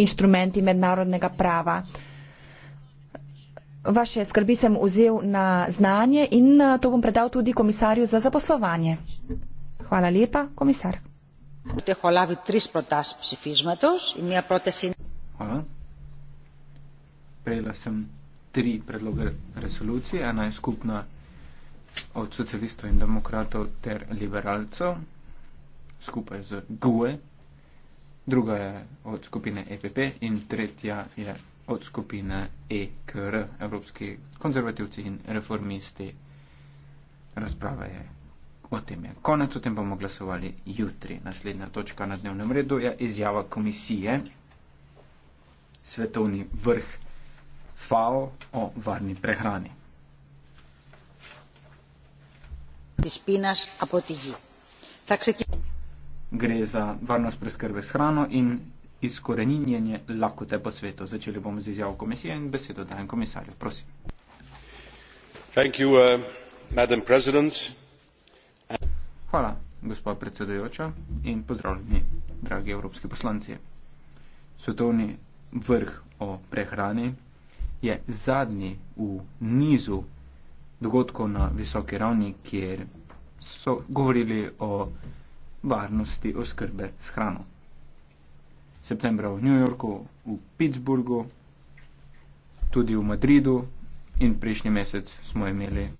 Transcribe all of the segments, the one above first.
inštrumenti mednarodnega prava. Vaše skrbi sem vzel na znanje in eh, to bom predal tudi komisarju za zaposlovanje. Hvala lepa, komisar. Hvala. Prejela sem tri predloge resolucije, ena je skupna od socialistov in demokratov ter liberalcev, skupaj z GUE druga je od skupine EPP in tretja je od skupine EKR, Evropski konzervativci in reformisti. Razprava je o tem. Je. Konec, o tem bomo glasovali jutri. Naslednja točka na dnevnem redu je izjava komisije, svetovni vrh FAO o varni prehrani. Espinas apotigi. Taxi gre za varnost preskrbe s hrano in izkoreninjenje lakote po svetu. Začeli bomo z izjavo komisije in besedo dajem komisarju. Prosim. You, uh, Hvala, gospod predsedujoča in pozdravljeni, dragi evropski poslanci. Svetovni vrh o prehrani je zadnji v nizu dogodkov na visoki ravni, kjer so govorili o varnosti oskrbe s hrano. Septembra v New Yorku, v Pittsburghu, tudi v Madridu in prejšnji mesec smo imeli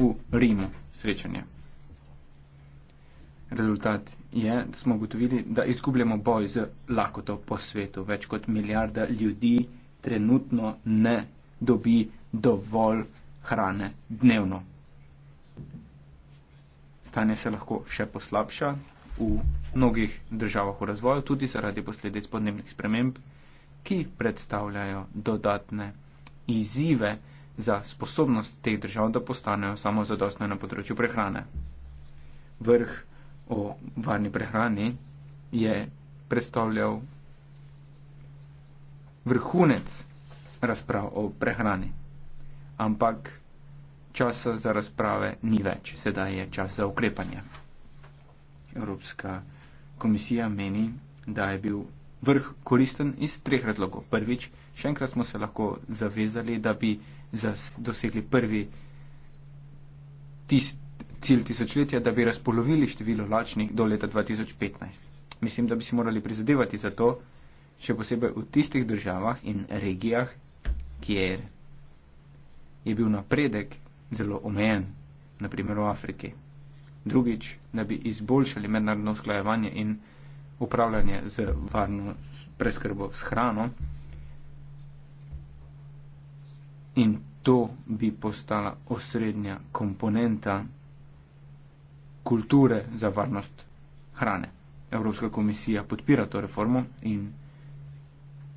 v Rimu srečanje. Rezultat je, da smo ugotovili, da izgubljamo boj z lakoto po svetu. Več kot milijarda ljudi trenutno ne dobi dovolj hrane dnevno stanje se lahko še poslabša v mnogih državah v razvoju, tudi zaradi posledic podnebnih sprememb, ki predstavljajo dodatne izzive za sposobnost teh držav, da postanejo samozadostne na področju prehrane. Vrh o varni prehrani je predstavljal vrhunec razprav o prehrani. Ampak časa za razprave ni več, sedaj je čas za ukrepanje. Evropska komisija meni, da je bil vrh koristen iz treh razlogov. Prvič, še enkrat smo se lahko zavezali, da bi dosegli prvi tis, cilj tisočletja, da bi razpolovili število lačnih do leta 2015. Mislim, da bi si morali prizadevati za to, še posebej v tistih državah in regijah, kjer je bil napredek zelo omejen, naprimer v Afriki. Drugič, da bi izboljšali mednarodno sklajevanje in upravljanje z varno preskrbo s hrano. In to bi postala osrednja komponenta kulture za varnost hrane. Evropska komisija podpira to reformo in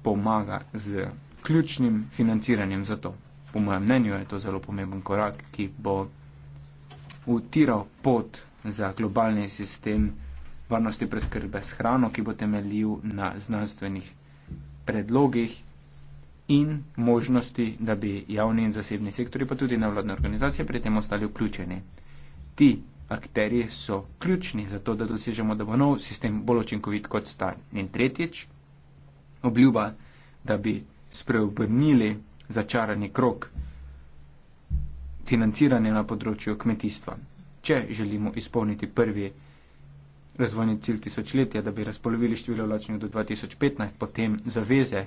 pomaga z ključnim financiranjem za to po mojem mnenju je to zelo pomemben korak, ki bo utiral pot za globalni sistem varnosti preskrbe s hrano, ki bo temeljil na znanstvenih predlogih in možnosti, da bi javni in zasebni sektori, pa tudi nevladne organizacije pri tem ostali vključeni. Ti akteri so ključni za to, da dosežemo, da bo nov sistem bolj učinkovit kot star. In tretjič, obljuba, da bi spreobrnili začarani krok financiranja na področju kmetijstva. Če želimo izpolniti prvi razvojni cilj tisočletja, da bi razpolovili število lačnih do 2015, potem zaveze,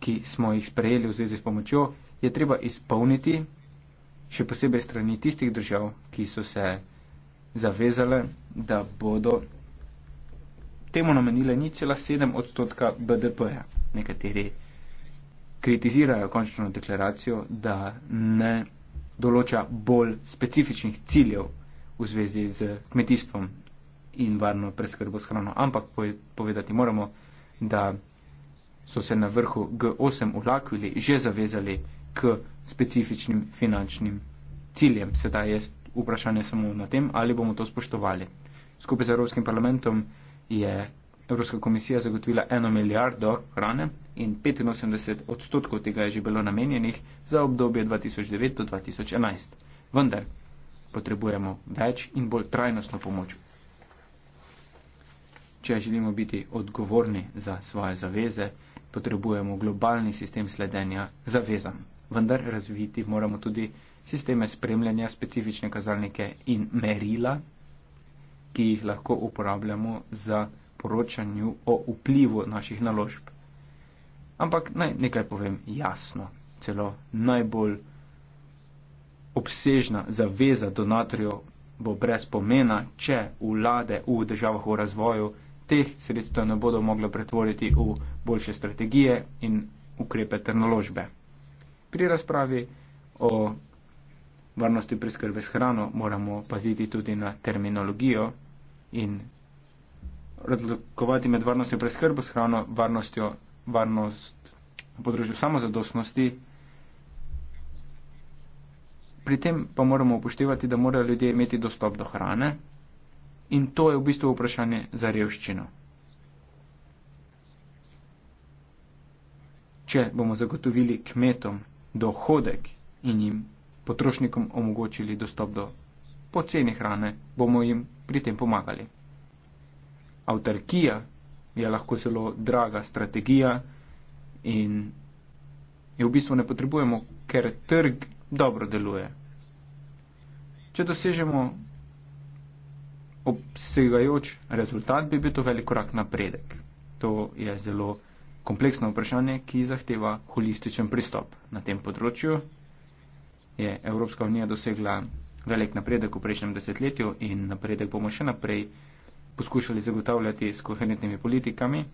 ki smo jih sprejeli v zvezi s pomočjo, je treba izpolniti še posebej strani tistih držav, ki so se zavezale, da bodo temu namenile ni cela 7 odstotka BDP-ja. Nekateri kritizirajo končno deklaracijo, da ne določa bolj specifičnih ciljev v zvezi z kmetijstvom in varno preskrbo s hrano. Ampak povedati moramo, da so se na vrhu G8 ulakvili, že zavezali k specifičnim finančnim ciljem. Sedaj je vprašanje samo na tem, ali bomo to spoštovali. Skupaj z Evropskim parlamentom je Evropska komisija zagotovila eno milijardo hrane in 85 odstotkov tega je že bilo namenjenih za obdobje 2009 do 2011. Vendar potrebujemo več in bolj trajnostno pomoč. Če želimo biti odgovorni za svoje zaveze, potrebujemo globalni sistem sledenja zavezam. Vendar razviti moramo tudi sisteme spremljanja, specifične kazalnike in merila, ki jih lahko uporabljamo za poročanju o vplivu naših naložb. Ampak naj nekaj povem jasno, celo najbolj obsežna zaveza donatorjev bo brez pomena, če vlade v državah v razvoju teh sredstev ne bodo mogle pretvoriti v boljše strategije in ukrepe ter naložbe. Pri razpravi o varnosti preskrbe s hrano moramo paziti tudi na terminologijo in razlikovati med varnostjo preskrbo s hrano, varnostjo varnost, na področju samozadostnosti. Pri tem pa moramo upoštevati, da morajo ljudje imeti dostop do hrane in to je v bistvu vprašanje za revščino. Če bomo zagotovili kmetom dohodek in jim potrošnikom omogočili dostop do poceni hrane, bomo jim pri tem pomagali. Avtarkija je lahko zelo draga strategija in jo v bistvu ne potrebujemo, ker trg dobro deluje. Če dosežemo obsegajoč rezultat, bi bil to velik korak napredek. To je zelo kompleksno vprašanje, ki zahteva holističen pristop. Na tem področju je Evropska unija dosegla velik napredek v prejšnjem desetletju in napredek bomo še naprej poskušali zagotavljati s koherentnimi politikami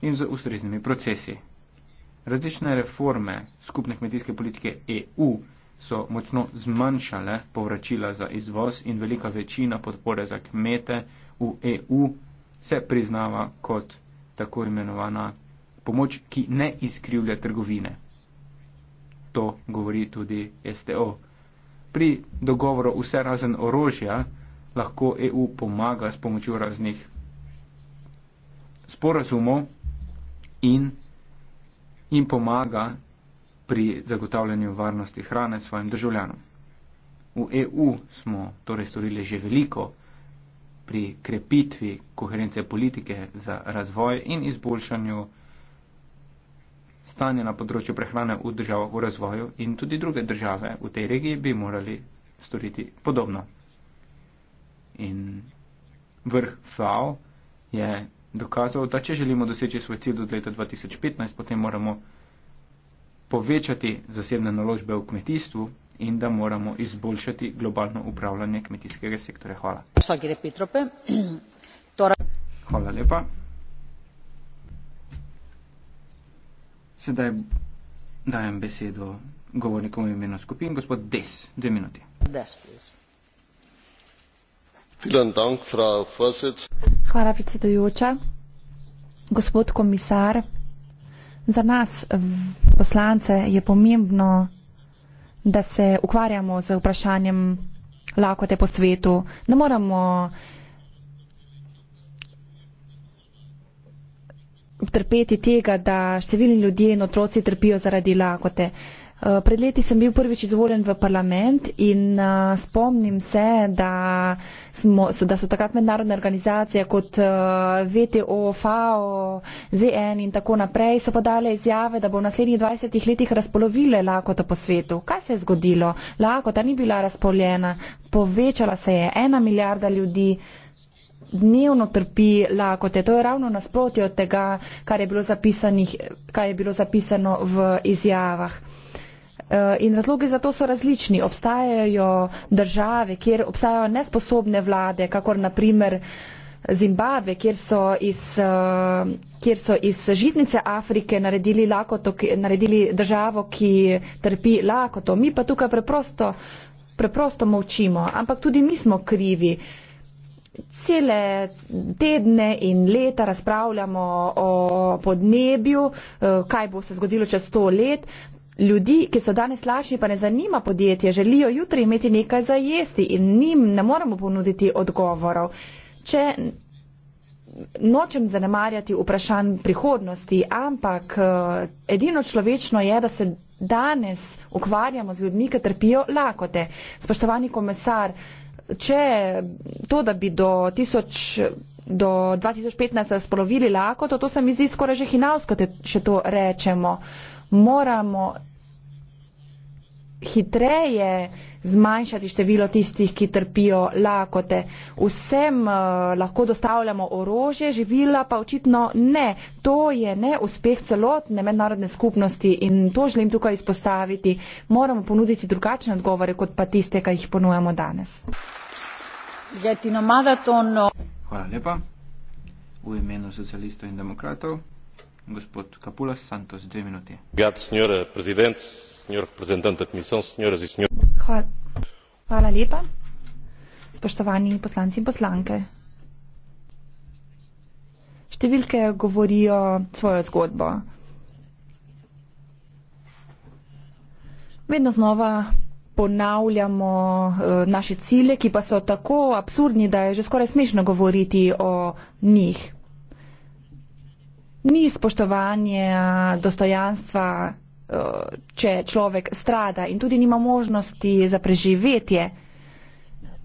in z ustreznimi procesi. Različne reforme skupne kmetijske politike EU so močno zmanjšale povračila za izvoz in velika večina podpore za kmete v EU se priznava kot tako imenovana pomoč, ki ne izkrivlja trgovine. To govori tudi STO. Pri dogovoru vse razen orožja lahko EU pomaga s pomočjo raznih sporazumov in, in pomaga pri zagotavljanju varnosti hrane svojim državljanom. V EU smo torej storili že veliko pri krepitvi koherence politike za razvoj in izboljšanju stanja na področju prehrane v državah v razvoju in tudi druge države v tej regiji bi morali storiti podobno in vrh FAO je dokazal, da če želimo doseči svoj cilj do leta 2015, potem moramo povečati zasebne naložbe v kmetijstvu in da moramo izboljšati globalno upravljanje kmetijskega sektorja. Hvala. Hvala lepa. Sedaj dajem besedo govornikom v imenu skupin. Gospod Des, dve minuti. Des, please. Hvala, predsedujoča. Gospod komisar, za nas poslance je pomembno, da se ukvarjamo z vprašanjem lakote po svetu. Ne moramo trpeti tega, da številni ljudje in otroci trpijo zaradi lakote. Eh, pred leti sem bil prvič izvoljen v parlament in eh, spomnim se, da, smo, so, da so takrat mednarodne organizacije kot eh, VTO, FAO, ZN in tako naprej so podale izjave, da bo v naslednjih 20 letih razpolovile lakota po svetu. Kaj se je zgodilo? Lakota ni bila razpoljena, povečala se je ena milijarda ljudi. Dnevno trpi lakote. To je ravno nasprotje od tega, kar je bilo, kar je bilo zapisano v izjavah. Eh, in razlogi za to so različni. Obstajajo države, kjer obstajajo nesposobne vlade, kakor naprimer Zimbabve, kjer so iz, eh, kjer so iz žitnice Afrike naredili, lakoto, naredili državo, ki trpi lakoto. Mi pa tukaj preprosto, preprosto molčimo, ampak tudi mi smo krivi. Cele tedne in leta razpravljamo o podnebju, eh, kaj bo se zgodilo čez sto let, ljudi, ki so danes lažji, pa ne zanima podjetje, želijo jutri imeti nekaj za jesti in njim ne moremo ponuditi odgovorov. Če nočem zanemarjati vprašanj prihodnosti, ampak eh, edino človečno je, da se danes ukvarjamo z ljudmi, ki trpijo lakote. Spoštovani komisar, če to, da bi do, tisoč, do 2015 razpolovili lakoto, to se mi zdi skoraj že hinavsko, če to rečemo. Uh, moramo hitreje zmanjšati število tistih, ki trpijo lakote. Vsem eh, lahko dostavljamo orožje, živila pa očitno ne. To je ne uspeh celotne mednarodne skupnosti in to želim tukaj izpostaviti. Moramo ponuditi drugačne odgovore, kot pa tiste, ki jih ponujemo danes. Hvala lepa. V imenu socialistov in demokratov gospod Kapulas Santos, dve minuti. E Hvala lepa. Spoštovani poslanci in poslanke. Številke govorijo svojo zgodbo. Vedno znova ponavljamo eh, naše cilje, ki pa so tako absurdni, da je že skoraj smešno govoriti o njih ni spoštovanje eh, dostojanstva, eh, če človek strada in tudi nima možnosti za preživetje.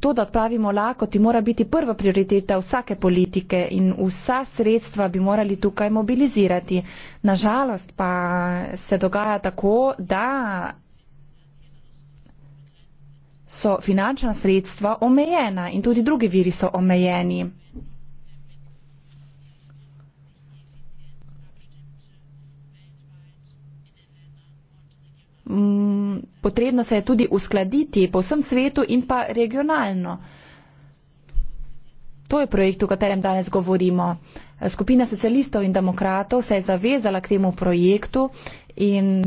To, da odpravimo lakoti, mora biti prva prioriteta vsake politike in vsa sredstva bi morali tukaj mobilizirati. Nažalost pa se dogaja tako, da so finančna sredstva omejena in tudi drugi viri so omejeni. Mm, potrebno se je tudi uskladiti po vsem svetu in pa regionalno. To je projekt, o katerem danes govorimo. Skupina socialistov in demokratov se je zavezala k temu projektu in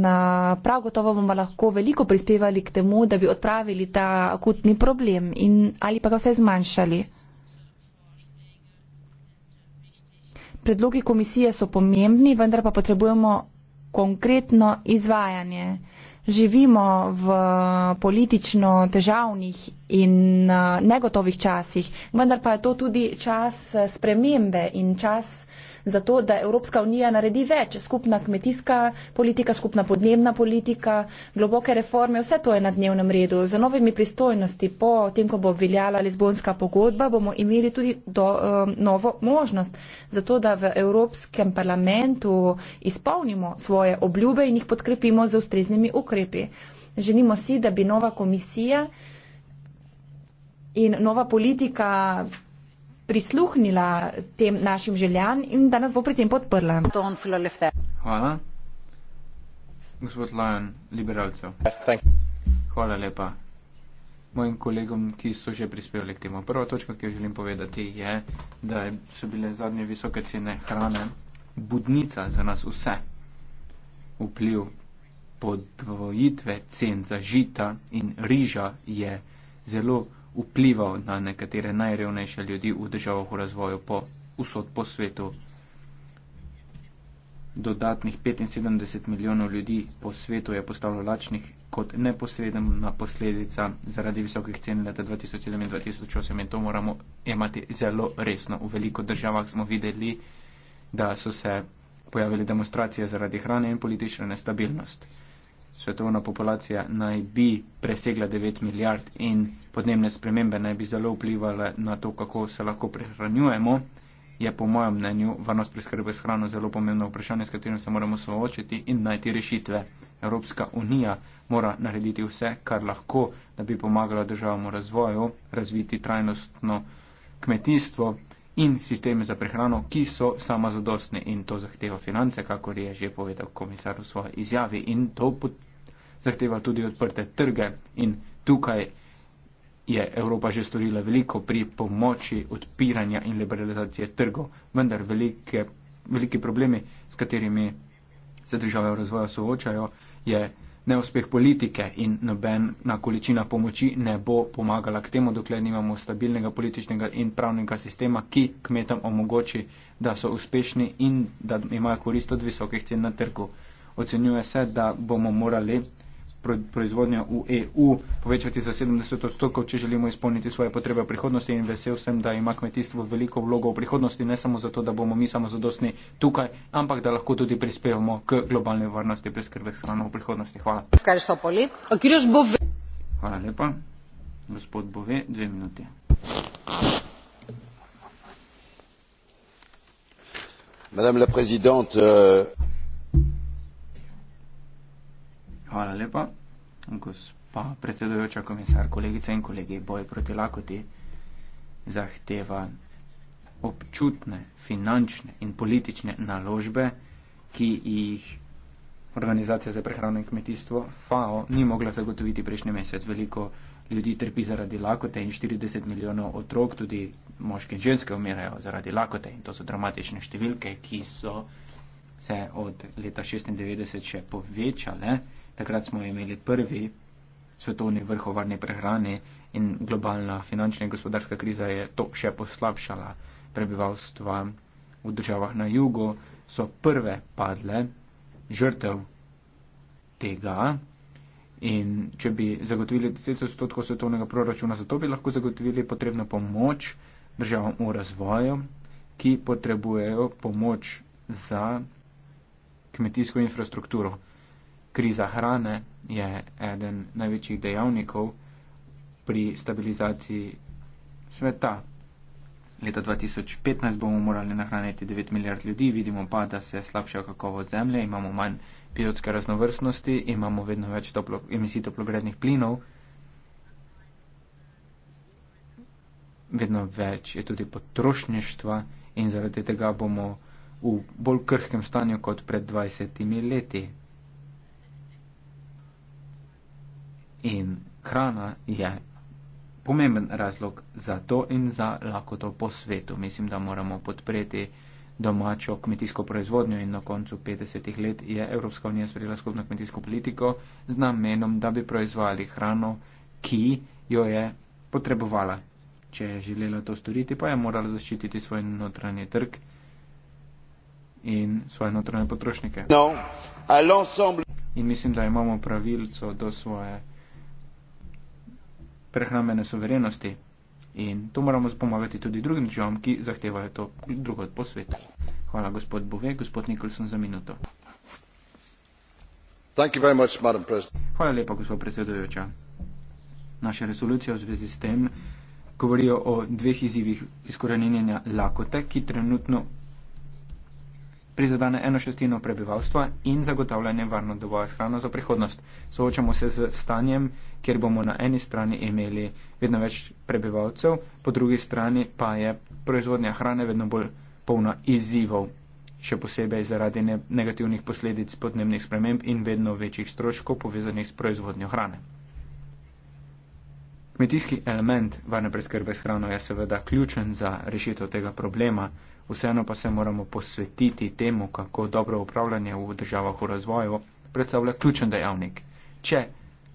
prav gotovo bomo lahko veliko prispevali k temu, da bi odpravili ta akutni problem in, ali pa ga vse zmanjšali. Predlogi komisije so pomembni, vendar pa potrebujemo konkretno izvajanje živimo v politično težavnih in eh, negotovih časih, vendar pa je to tudi čas eh, spremembe in čas uh, za to, da Evropska unija naredi več. Skupna kmetijska politika, skupna podnebna politika, globoke reforme, vse to je na dnevnem redu. Za novimi pristojnosti, po tem, ko bo obveljala Lizbonska pogodba, bomo imeli tudi do, um, novo možnost za to, da v Evropskem parlamentu izpolnimo svoje obljube in jih podkrepimo z ustreznimi ukrepi. Želimo si, da bi nova komisija in nova politika prisluhnila tem našim željam in da nas bo pri tem podprla. Hvala. Gospod Lajan, liberalcev. Hvala lepa mojim kolegom, ki so že prispevali k temu. Prva točka, ki jo želim povedati, je, da so bile zadnje visoke cene hrane budnica za nas vse. Vpliv podvojitve cen za žita in riža je zelo vplival na nekatere najrevnejše ljudi v državah v razvoju po vsod po svetu. Dodatnih 75 milijonov ljudi po svetu je postalo lačnih kot neposredna posledica zaradi visokih cen leta 2007 in 2008 in to moramo imati zelo resno. V veliko državah smo videli, da so se pojavili demonstracije zaradi hrane in politične nestabilnosti svetovna populacija naj bi presegla 9 milijard in podnebne spremembe naj bi zelo vplivali na to, kako se lahko prehranjujemo, je po mojem mnenju varnost preskrbe s hrano zelo pomembno vprašanje, s katerim se moramo soočiti in najti rešitve. Evropska unija mora narediti vse, kar lahko, da bi pomagala državam v razvoju, razviti trajnostno kmetijstvo in sisteme za prehrano, ki so samozadostne in to zahteva finance, kako je že povedal komisar v svoji izjavi in to zahteva tudi odprte trge in tukaj je Evropa že storila veliko pri pomoči odpiranja in liberalizacije trgov, vendar velike, veliki problemi, s katerimi se države v razvoju soočajo, je neuspeh politike in nobena količina pomoči ne bo pomagala k temu, dokler nimamo stabilnega političnega in pravnega sistema, ki kmetom omogoči, da so uspešni in da imajo korist od visokih cen na trgu. Ocenjuje se, da bomo morali proizvodnjo v EU povečati za 70 odstotkov, če želimo izpolniti svoje potrebe v prihodnosti in vesel sem, da ima kmetijstvo veliko vlogo v prihodnosti, ne samo zato, da bomo mi samo zadostni tukaj, ampak da lahko tudi prispevamo k globalni varnosti preskrbe s hrano v prihodnosti. Hvala. Hvala lepa. Gospod Bove, dve minuti. Madame la Présidente, euh, Hvala lepa. Gospa predsedujoča komisar, kolegice in kolegi, boj proti lakoti zahteva občutne finančne in politične naložbe, ki jih Organizacija za prehrano in kmetijstvo FAO ni mogla zagotoviti prejšnji mesec. Veliko ljudi trpi zaradi lakote in 40 milijonov otrok, tudi moški in ženske umirajo zaradi lakote in to so dramatične številke, ki so se od leta 1996 še povečale. Takrat smo imeli prvi svetovni vrh o varni prehrani in globalna finančna in gospodarska kriza je to še poslabšala. Prebivalstva v državah na jugu so prve padle žrtev tega. In če bi zagotovili 10 odstotkov svetovnega proračuna, za to bi lahko zagotovili potrebno pomoč državam v razvoju, ki potrebujejo pomoč za kmetijsko infrastrukturo. Kriza hrane je eden največjih dejavnikov pri stabilizaciji sveta. Leta 2015 bomo morali nahraniti 9 milijard ljudi, vidimo pa, da se slabša kakovost zemlje, imamo manj biotske raznovrstnosti, imamo vedno več toplo, emisij toplogrednih plinov, vedno več je tudi potrošništva in zaradi tega bomo v bolj krhkem stanju kot pred 20 leti. in hrana je pomemben razlog za to in za lakoto po svetu. Mislim, da moramo podpreti domačo kmetijsko proizvodnjo in na koncu 50 let je Evropska unija sprejela skupno kmetijsko politiko z namenom, da bi proizvali hrano, ki jo je potrebovala. Če je želela to storiti, pa je morala zaščititi svoj notranji trg in svoje notranje potrošnike. No, in mislim, da imamo pravilco do svoje prehrambene soverenosti. In to moramo zapomagati tudi drugim državam, ki zahtevajo to drugod po svetu. Hvala, gospod Bove, gospod Nikolson, za minuto. Much, Hvala lepa, gospod predsedujoča. Naša resolucija v zvezi s tem govorijo o dveh izzivih izkoreninjenja lakote, ki trenutno prizadane eno šestino prebivalstva in zagotavljanje varno dovolj hrano za prihodnost. Soočamo se z stanjem, kjer bomo na eni strani imeli vedno več prebivalcev, po drugi strani pa je proizvodnja hrane vedno bolj polna izzivov, še posebej zaradi ne negativnih posledic podnebnih sprememb in vedno večjih stroškov povezanih s proizvodnjo hrane. Kmetijski element varne preskrbe s hrano je seveda ključen za rešitev tega problema, vseeno pa se moramo posvetiti temu, kako dobro upravljanje v državah v razvoju predstavlja ključen dejavnik. Če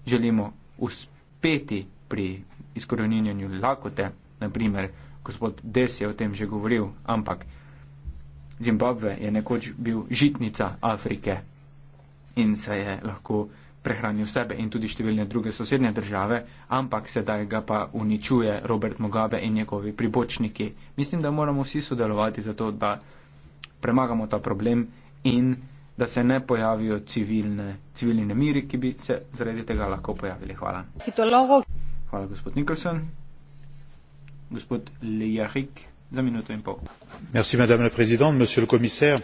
želimo uspeti pri izkoreninjanju lakote, naprimer, gospod Des je o tem že govoril, ampak Zimbabve je nekoč bil žitnica Afrike in se je lahko prehranil sebe in tudi številne druge sosednje države, ampak sedaj ga pa uničuje Robert Mugabe in njegovi pribočniki. Mislim, da moramo vsi sodelovati za to, da premagamo ta problem in da se ne pojavijo civilne, civilni nemiri, ki bi se zaradi tega lahko pojavili. Hvala. Hitologo. Hvala, gospod Nikolson. Gospod Lejahik, za minuto in pol. Merci, madame la président, monsieur le commissaire.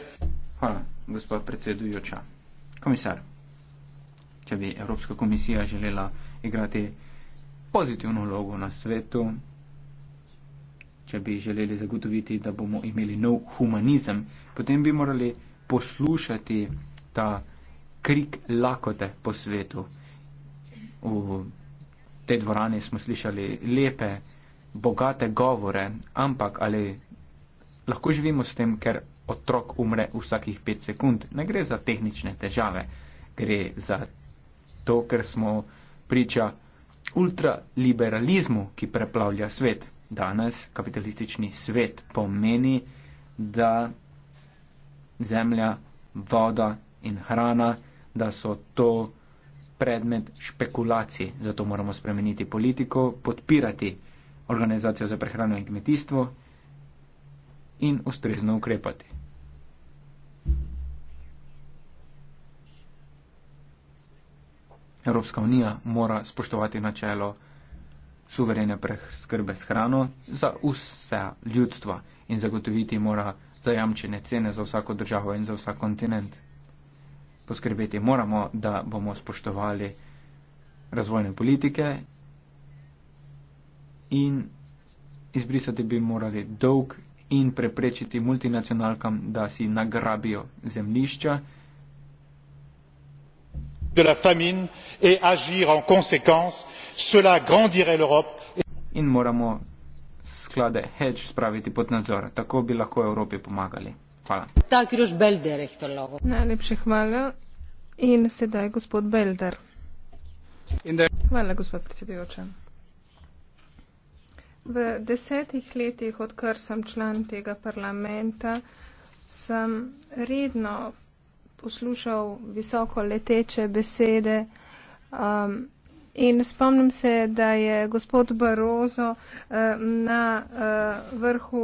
Hvala, gospod predsedujoča. Komisar, če bi Evropska komisija želela igrati pozitivno vlogo na svetu, če bi želeli zagotoviti, da bomo imeli nov humanizem, potem bi morali poslušati ta krik lakote po svetu. V tej dvorani smo slišali lepe, bogate govore, ampak ali lahko živimo s tem, ker otrok umre vsakih pet sekund. Ne gre za tehnične težave, gre za to, ker smo priča ultraliberalizmu, ki preplavlja svet. Danes kapitalistični svet pomeni, da zemlja, voda in hrana, da so to predmet špekulacij. Zato moramo spremeniti politiko, podpirati organizacijo za prehrano in kmetijstvo in ustrezno ukrepati. Evropska unija mora spoštovati načelo suverene preskrbe s hrano za vse ljudstva in zagotoviti mora zajamčene cene za vsako državo in za vsak kontinent. Poskrbeti moramo, da bomo spoštovali razvojne politike in izbrisati bi morali dolg in preprečiti multinacionalkam, da si nagrabijo zemlišča. de la famine et agir en conséquence, cela grandirait l'Europe. Et sklade hedge spraviti pod nadzor. Tako bi lahko Evropi pomagali. Hvala. Najlepše hvala. In sedaj gospod Belder. Hvala, gospod predsedujoča. V desetih letih, odkar sem član tega parlamenta, sem redno poslušal visoko leteče besede. Um, In spomnim se, da je gospod Barozo eh, na eh, vrhu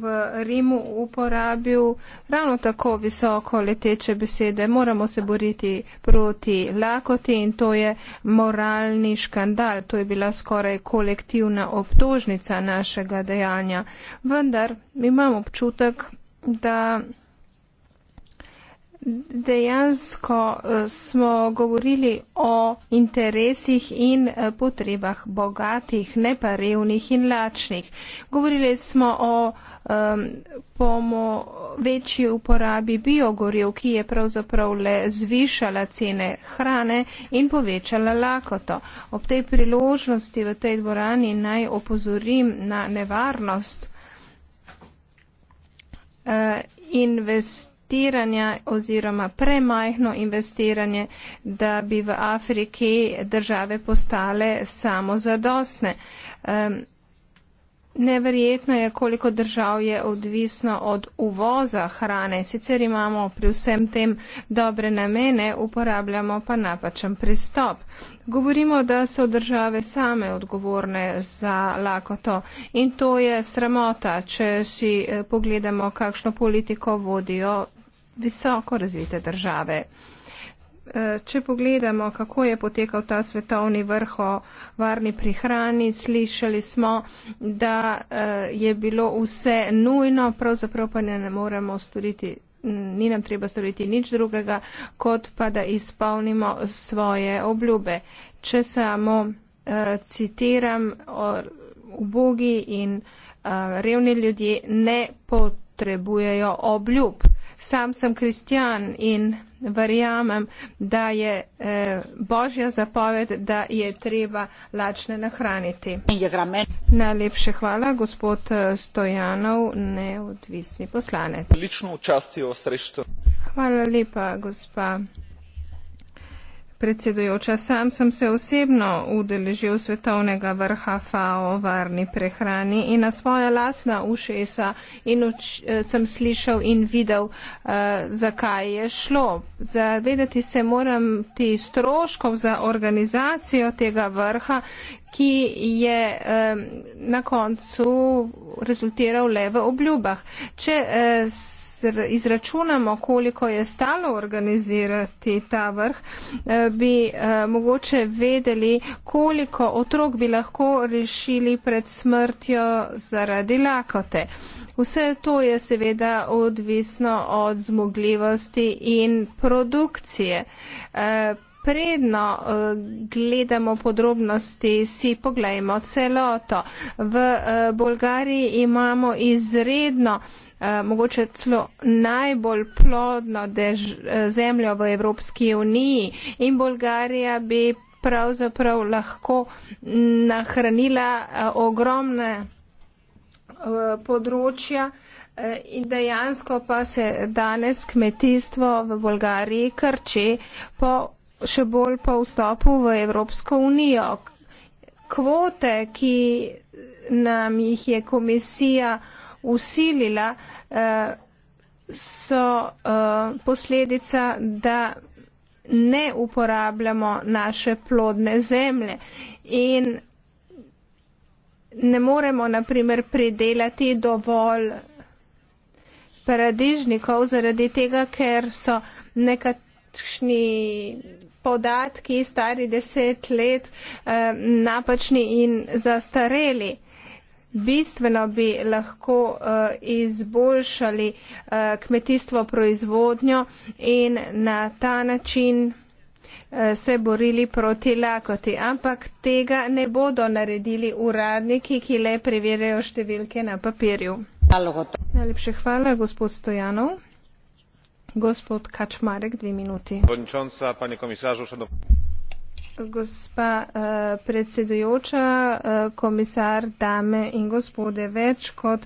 v Rimu uporabil ravno tako visoko leteče besede. Moramo se boriti proti lakoti in to je moralni škandal. To je bila skoraj kolektivna obtožnica našega dejanja. Vendar imam občutek, da dejansko eh, smo govorili o interesih in eh, potrebah bogatih, ne pa revnih in lačnih. Govorili smo o um, pomo večji uporabi biogorjev, ki je pravzaprav le zvišala cene hrane in povečala lakoto. Ob tej priložnosti v tej dvorani naj opozorim na nevarnost uh, investicij investiranja oziroma premajhno investiranje, da bi v Afriki države postale samozadostne. Um, Neverjetno je, koliko držav je odvisno od uvoza hrane. Sicer imamo pri vsem tem dobre namene, uporabljamo pa napačen pristop. Govorimo, da so države same odgovorne za lakoto in to je sramota, če si eh, pogledamo, kakšno politiko vodijo visoko razvite države. E, če pogledamo, kako je potekal ta svetovni vrh o varni prihrani, slišali smo, da e, je bilo vse nujno, pravzaprav pa ne moremo storiti, ni nam treba storiti nič drugega, kot pa da izpolnimo svoje obljube. Če samo e, citiram, ubogi in revni ljudje ne potrebujejo obljub. Sam sem kristjan in verjamem, da je eh, božja zapoved, da je treba lačne nahraniti. Najlepše hvala, gospod eh, Stojanov, neodvisni poslanec. Hvala lepa, gospa predsedujoča. Sam sem se osebno udeležil svetovnega vrha FAO o varni prehrani in na svoja lastna ušesa in uč, eh, sem slišal in videl, uh, zakaj je šlo. Zavedati se moram ti stroškov za organizacijo tega vrha, ki je um, na koncu rezultiral le v obljubah. Če, uh, izračunamo, koliko je stalo organizirati ta vrh, eh, bi eh, mogoče vedeli, koliko otrok bi lahko rešili pred smrtjo zaradi lakote. Vse to je seveda odvisno od zmogljivosti in produkcije. Eh, predno eh, gledamo podrobnosti, si pogledajmo celoto. V eh, Bolgariji imamo izredno eh, mogoče celo najbolj plodno dež, zemljo v Evropski uniji in Bolgarija bi pravzaprav lahko nahranila ogromne področja in dejansko pa se danes kmetijstvo v Bolgariji krči po še bolj po vstopu v Evropsko unijo. Kvote, ki nam jih je komisija usilila, eh, so eh, posledica, da ne uporabljamo naše plodne zemlje in ne moremo, na primer, pridelati dovolj paradižnikov zaradi tega, ker so nekakšni podatki stari deset let eh, napačni in zastareli. Bistveno bi lahko eh, izboljšali eh, kmetijstvo proizvodnjo in na ta način eh, se borili proti lakoti, ampak tega ne bodo naredili uradniki, ki le preverjajo številke na papirju. Najlepše hvala, gospod Stojanov gospa e, predsedujoča komisar komisarka gospa dalli lani gospa predsedujoča komisar dame in gospode več kot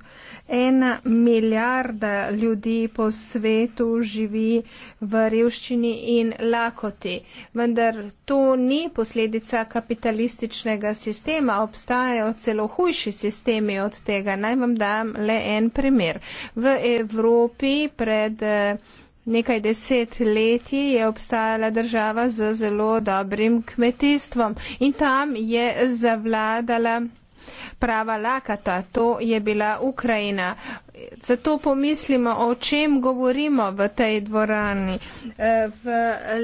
ena milijarda ljudi po svetu živi v revščini in lakoti vendar to ni posledica kapitalističnega sistema obstajajo celo hujši sistemi od tega naj vam dam le en primer v evropi pred eh, nekaj desetletji je obstajala država z zelo dobrim kmetijstvom in tam je zavladala prava lakata, to je bila Ukrajina. Zato pomislimo, o čem govorimo v tej dvorani. Eh, v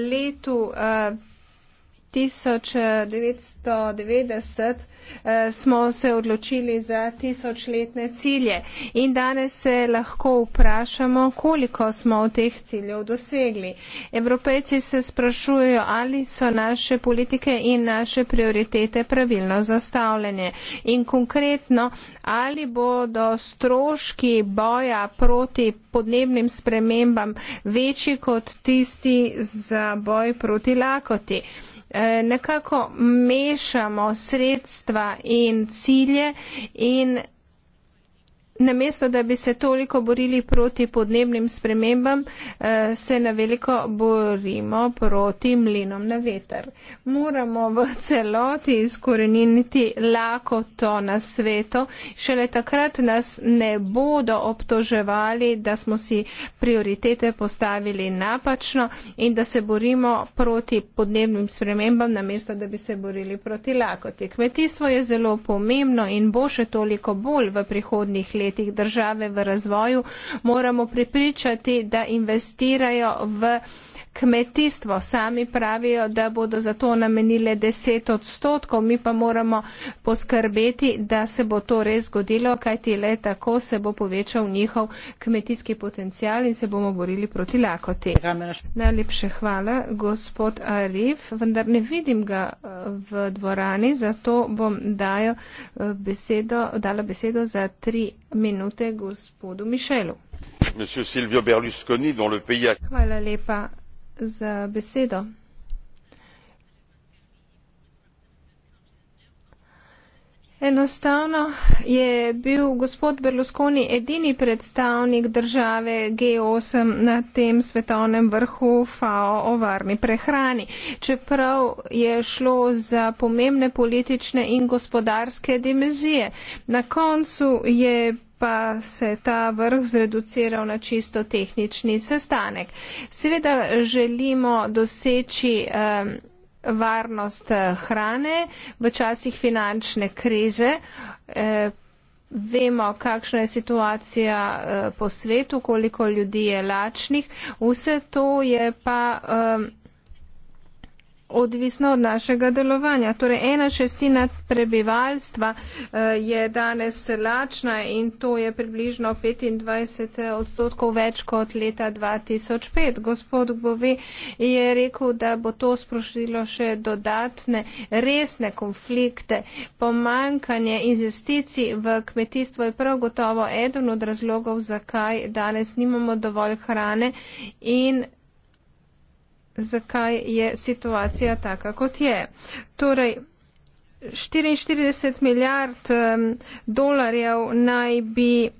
letu eh, 1990 eh, smo se odločili za tisočletne cilje in danes se lahko vprašamo, koliko smo v teh ciljev dosegli. Evropejci se sprašujejo, ali so naše politike in naše prioritete pravilno zastavljene in konkretno, ali bodo stroški boja proti podnebnim spremembam večji kot tisti za boj proti lakoti. Eh, nekako mešamo sredstva in cilje in namesto da bi se toliko borili proti podnebnim spremembam, eh, se na veliko borimo proti mlinom na veter. Moramo v celoti izkoreniniti lakoto na svetu, šele takrat nas ne bodo obtoževali, da smo si prioritete postavili napačno in da se borimo proti podnebnim spremembam, namesto da bi se borili proti lakoti. Kmetijstvo je zelo pomembno in bo še toliko bolj v prihodnjih letih letih države v razvoju, moramo pripričati, da investirajo v kmetijstvo. Sami pravijo, da bodo za to namenili 10 odstotkov, mi pa moramo poskrbeti, da se bo to res zgodilo, kajti le tako se bo povečal njihov kmetijski potencial in se bomo borili proti lakoti. Najlepše hvala, gospod Arif, vendar ne vidim ga eh, v dvorani, zato bom dajo eh, besedo, dala besedo za tri minute gospodu Mišelu. Monsieur Silvio Berlusconi, dont le pays a... Hvala lepa za besedo. Enostavno je bil gospod Berlusconi edini predstavnik države G8 na tem svetovnem vrhu FAO o varni prehrani. Čeprav je šlo za pomembne politične in gospodarske dimenzije, na koncu je pa se je ta vrh zreduciral na čisto tehnični sestanek. Seveda želimo doseči um, varnost eh, hrane v časih finančne krize. Eh, vemo, kakšna je situacija eh, po svetu, koliko ljudi je lačnih. Vse to je pa. Um, odvisno od našega delovanja. Torej, ena šestina prebivalstva eh, je danes lačna in to je približno 25 eh, odstotkov več kot leta 2005. Gospod Bove je rekel, da bo to sprošilo še dodatne resne konflikte. Pomankanje investicij v kmetijstvo je prav gotovo eden od razlogov, zakaj danes nimamo dovolj hrane in zakaj je situacija taka, kot je. Torej, 44 milijard um, dolarjev naj bi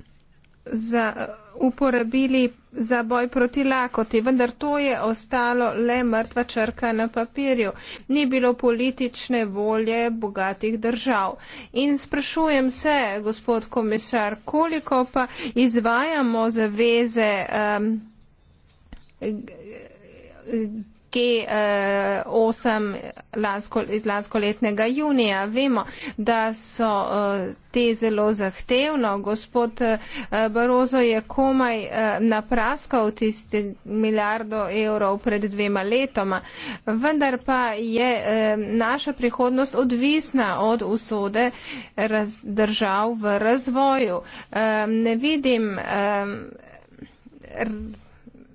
za, uh, uporabili za boj proti lakoti, vendar to je ostalo le mrtva črka na papirju. Ni bilo politične volje bogatih držav. In sprašujem se, gospod komisar, koliko pa izvajamo zaveze. Um, G8 lansko, iz lansko letnega junija. Vemo, da so eh, te zelo zahtevno. Gospod eh, Barozo je komaj eh, napraskal tisti milijardo evrov pred dvema letoma. Vendar pa je naša prihodnost odvisna od usode raz, držav v razvoju. Ne vidim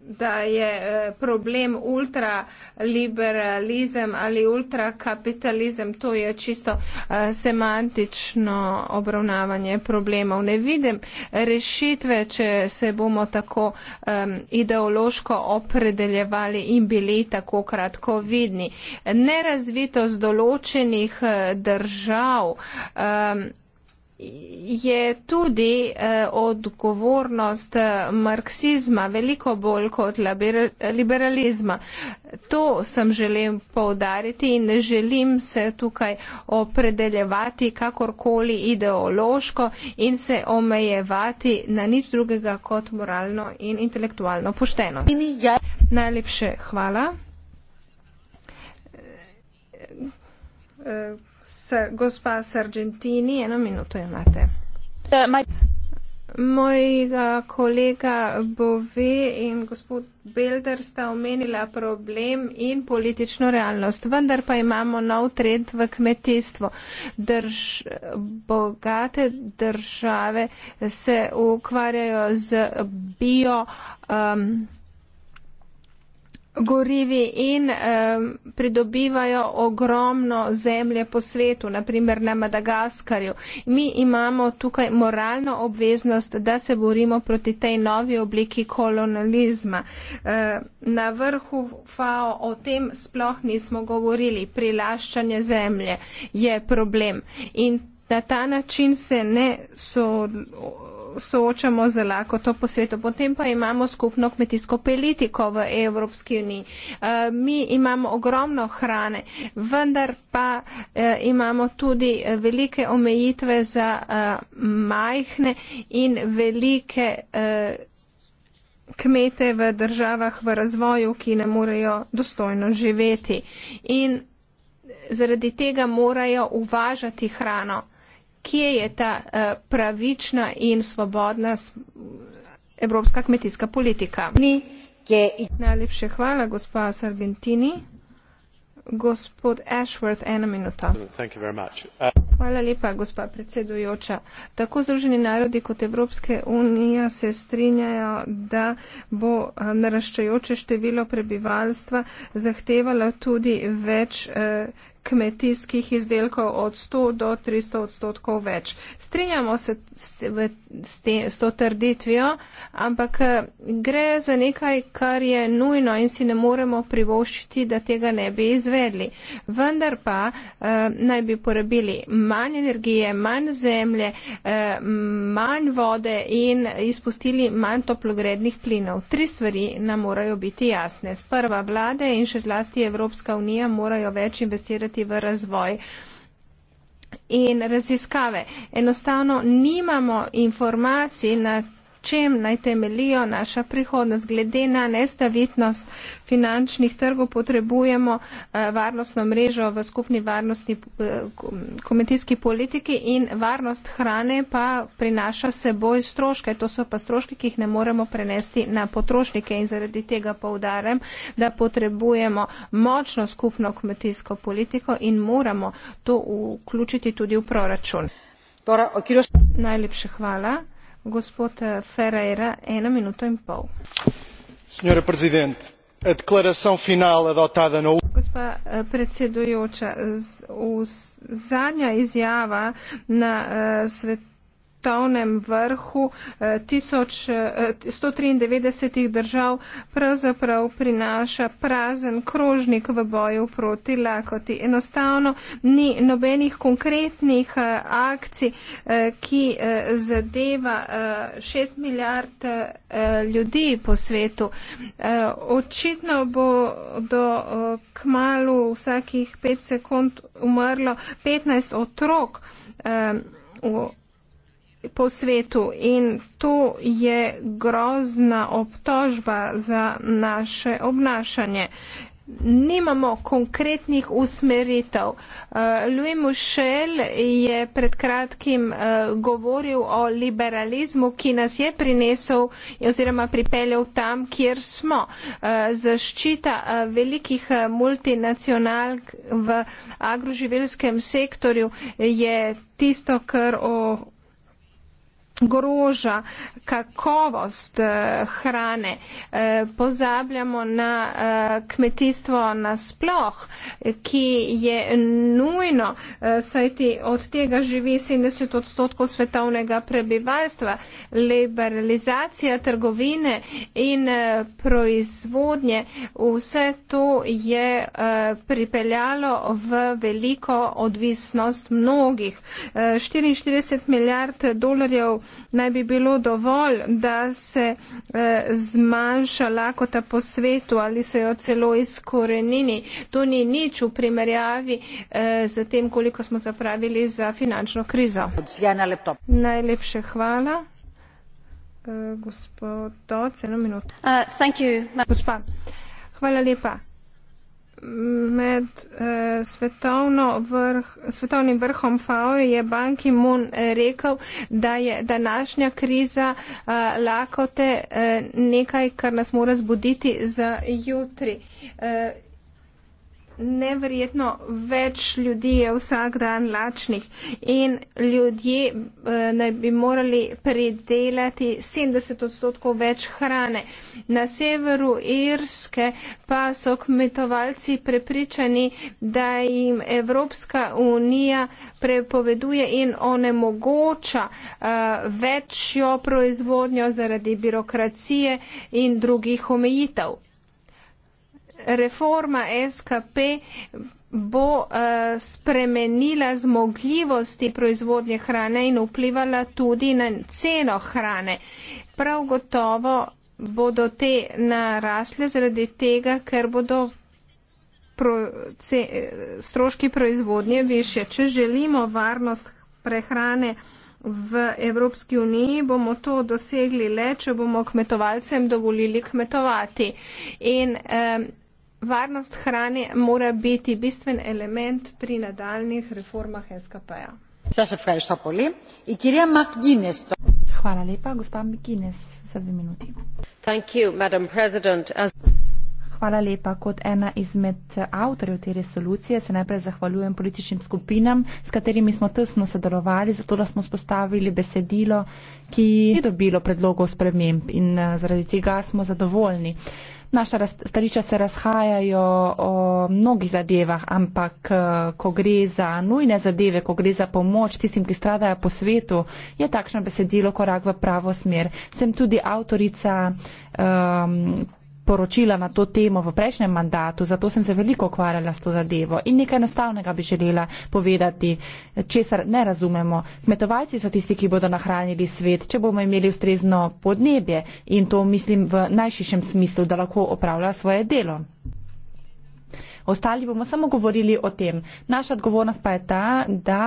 da je eh, problem ultraliberalizem ali ultrakapitalizem, to je čisto eh, semantično obravnavanje problemov. Ne vidim rešitve, če se bomo tako um, ideološko opredeljevali in bili tako kratko vidni. Nerazvitost določenih eh, držav um, je tudi eh, odgovornost eh, marksizma veliko bolj kot liberalizma. To sem želel povdariti in ne želim se tukaj opredeljevati kakorkoli ideološko in se omejevati na nič drugega kot moralno in intelektualno pošteno. Najlepše hvala. Eh, eh, gospa Sargentini, eno minuto imate. Moj kolega Bove in gospod Belder sta omenila problem in politično realnost, vendar pa imamo nov trend v kmetijstvu. Drž, bogate države se ukvarjajo z bio. Um, gorivi in um, pridobivajo ogromno zemlje po svetu, naprimer na Madagaskarju. Mi imamo tukaj moralno obveznost, da se borimo proti tej novi obliki kolonializma. Uh, na vrhu FAO o tem sploh nismo govorili. Prilaščanje zemlje je problem. In na ta način se ne so. Uh, soočamo z lakoto po svetu. Potem pa imamo skupno kmetijsko politiko v Evropski uniji. Eh, mi imamo ogromno hrane, vendar pa eh, imamo tudi eh, velike omejitve za majhne in velike kmete v državah v razvoju, ki ne morejo dostojno živeti. In zaradi tega morajo uvažati hrano kje je ta eh, pravična in svobodna evropska kmetijska politika. Najlepše hvala, gospa Sargentini. Gospod Ashworth, ena minuta. Uh, hvala lepa, gospa predsedujoča. Tako Združeni narodi kot Evropske unija se strinjajo, da bo eh, naraščajoče število prebivalstva zahtevalo tudi več eh, kmetijskih izdelkov od 100 do 300 odstotkov več. Strinjamo se s, s, s to trditvijo, ampak eh, gre za nekaj, kar je nujno in si ne moremo privoščiti, da tega ne bi izvedli. Vendar pa eh, naj bi porabili manj energije, manj zemlje, eh, manj vode in izpustili manj toplogrednih plinov. Tri stvari nam morajo biti jasne. Sprva vlade in še zlasti Evropska unija morajo več investirati vlagati v razvoj. In raziskave. Enostavno nimamo informacij na čem naj temelijo naša prihodnost. Glede na nestavitnost finančnih trgov potrebujemo eh, varnostno mrežo v skupni varnosti eh, komitijski politiki in varnost hrane pa prinaša seboj stroške. To so pa stroške, ki jih ne moremo prenesti na potrošnike in zaradi tega poudarjam, da potrebujemo močno skupno komitijsko politiko in moramo to vključiti tudi v proračun. Najlepše hvala. Eh, senhora presidente a declaração final adotada na no- última. gospa eh, predsedujoča zadnja izjava na eh, svetovnem dnevu ljudi ki so ogroženi je bila zelo pomembna svetovnem vrhu eh, tisoč, 193 eh, držav pravzaprav prinaša prazen krožnik v boju proti lakoti. Enostavno ni nobenih konkretnih eh, akcij, ki zadeva 6 milijard ljudi po svetu. Očitno bo do kmalu vsakih 5 sekund umrlo 15 otrok po svetu in to je grozna obtožba za naše obnašanje. Nimamo konkretnih usmeritev. Eh, Louis Michel je pred kratkim eh, govoril o liberalizmu, ki nas je prinesel oziroma pripeljal tam, kjer smo. Eh, Zaščita velikih multinacionalk v agroživelskem sektorju je tisto, kar o groža kakovost eh, hrane, eh, pozabljamo na eh, kmetijstvo nasploh, ki je nujno, saj ti od tega živi 70 odstotkov svetovnega prebivalstva, liberalizacija trgovine in proizvodnje, vse to je pripeljalo v veliko odvisnost mnogih. 44 milijard dolarjev naj bi bilo dovolj, da se eh, zmanjša lakota po svetu ali se jo celo izkorenini. To ni nič v primerjavi z eh, tem, koliko smo zapravili za finančno krizo. Najlepše hvala. Eh, gospod, to, ceno minuto. Uh, Gospa, hvala lepa. Med eh, svetovno vrh, svetovnim vrhom FAO je Ban Ki-moon rekel, da je današnja kriza eh, lakote eh, nekaj, kar nas mora zbuditi za jutri. Eh, neverjetno več ljudi je vsak dan lačnih in ljudje eh, naj bi morali pridelati 70 odstotkov več hrane. Na severu Irske pa so kmetovalci prepričani, da jim Evropska unija prepoveduje in onemogoča eh, večjo proizvodnjo zaradi birokracije in drugih omejitev reforma SKP bo uh, spremenila zmogljivosti proizvodnje hrane in vplivala tudi na ceno hrane. Prav gotovo bodo te narasle zaradi tega, ker bodo pro, ce, stroški proizvodnje više. Če želimo varnost prehrane v Evropski uniji, bomo to dosegli le, če bomo kmetovalcem dovolili kmetovati. In, um, varnost hrane mora biti bistven element pri nadaljnih reformah SKP-ja. Hvala lepa, gospa McGuinness, za dve minuti. Hvala lepa. Kot ena izmed avtorjev te resolucije se najprej zahvaljujem političnim skupinam, s katerimi smo tesno sodelovali, zato da smo spostavili besedilo, ki je dobilo predlogov sprememb in eh, zaradi tega smo zadovoljni. Uh, naša stališča se razhajajo o mnogih zadevah, ampak eh, ko gre za nujne zadeve, ko gre za pomoč tistim, ki stradajo po svetu, je takšno besedilo korak v pravo smer. Sem tudi avtorica um, poročila na to temo v prejšnjem mandatu, zato sem se veliko ukvarjala s to zadevo in nekaj enostavnega bi želela povedati, česar ne razumemo. Kmetovalci so tisti, ki bodo nahranili svet, če bomo imeli ustrezno podnebje in to mislim v najširšem smislu, da lahko opravlja svoje delo. Ostali bomo samo govorili o tem. Naša odgovornost pa je ta, da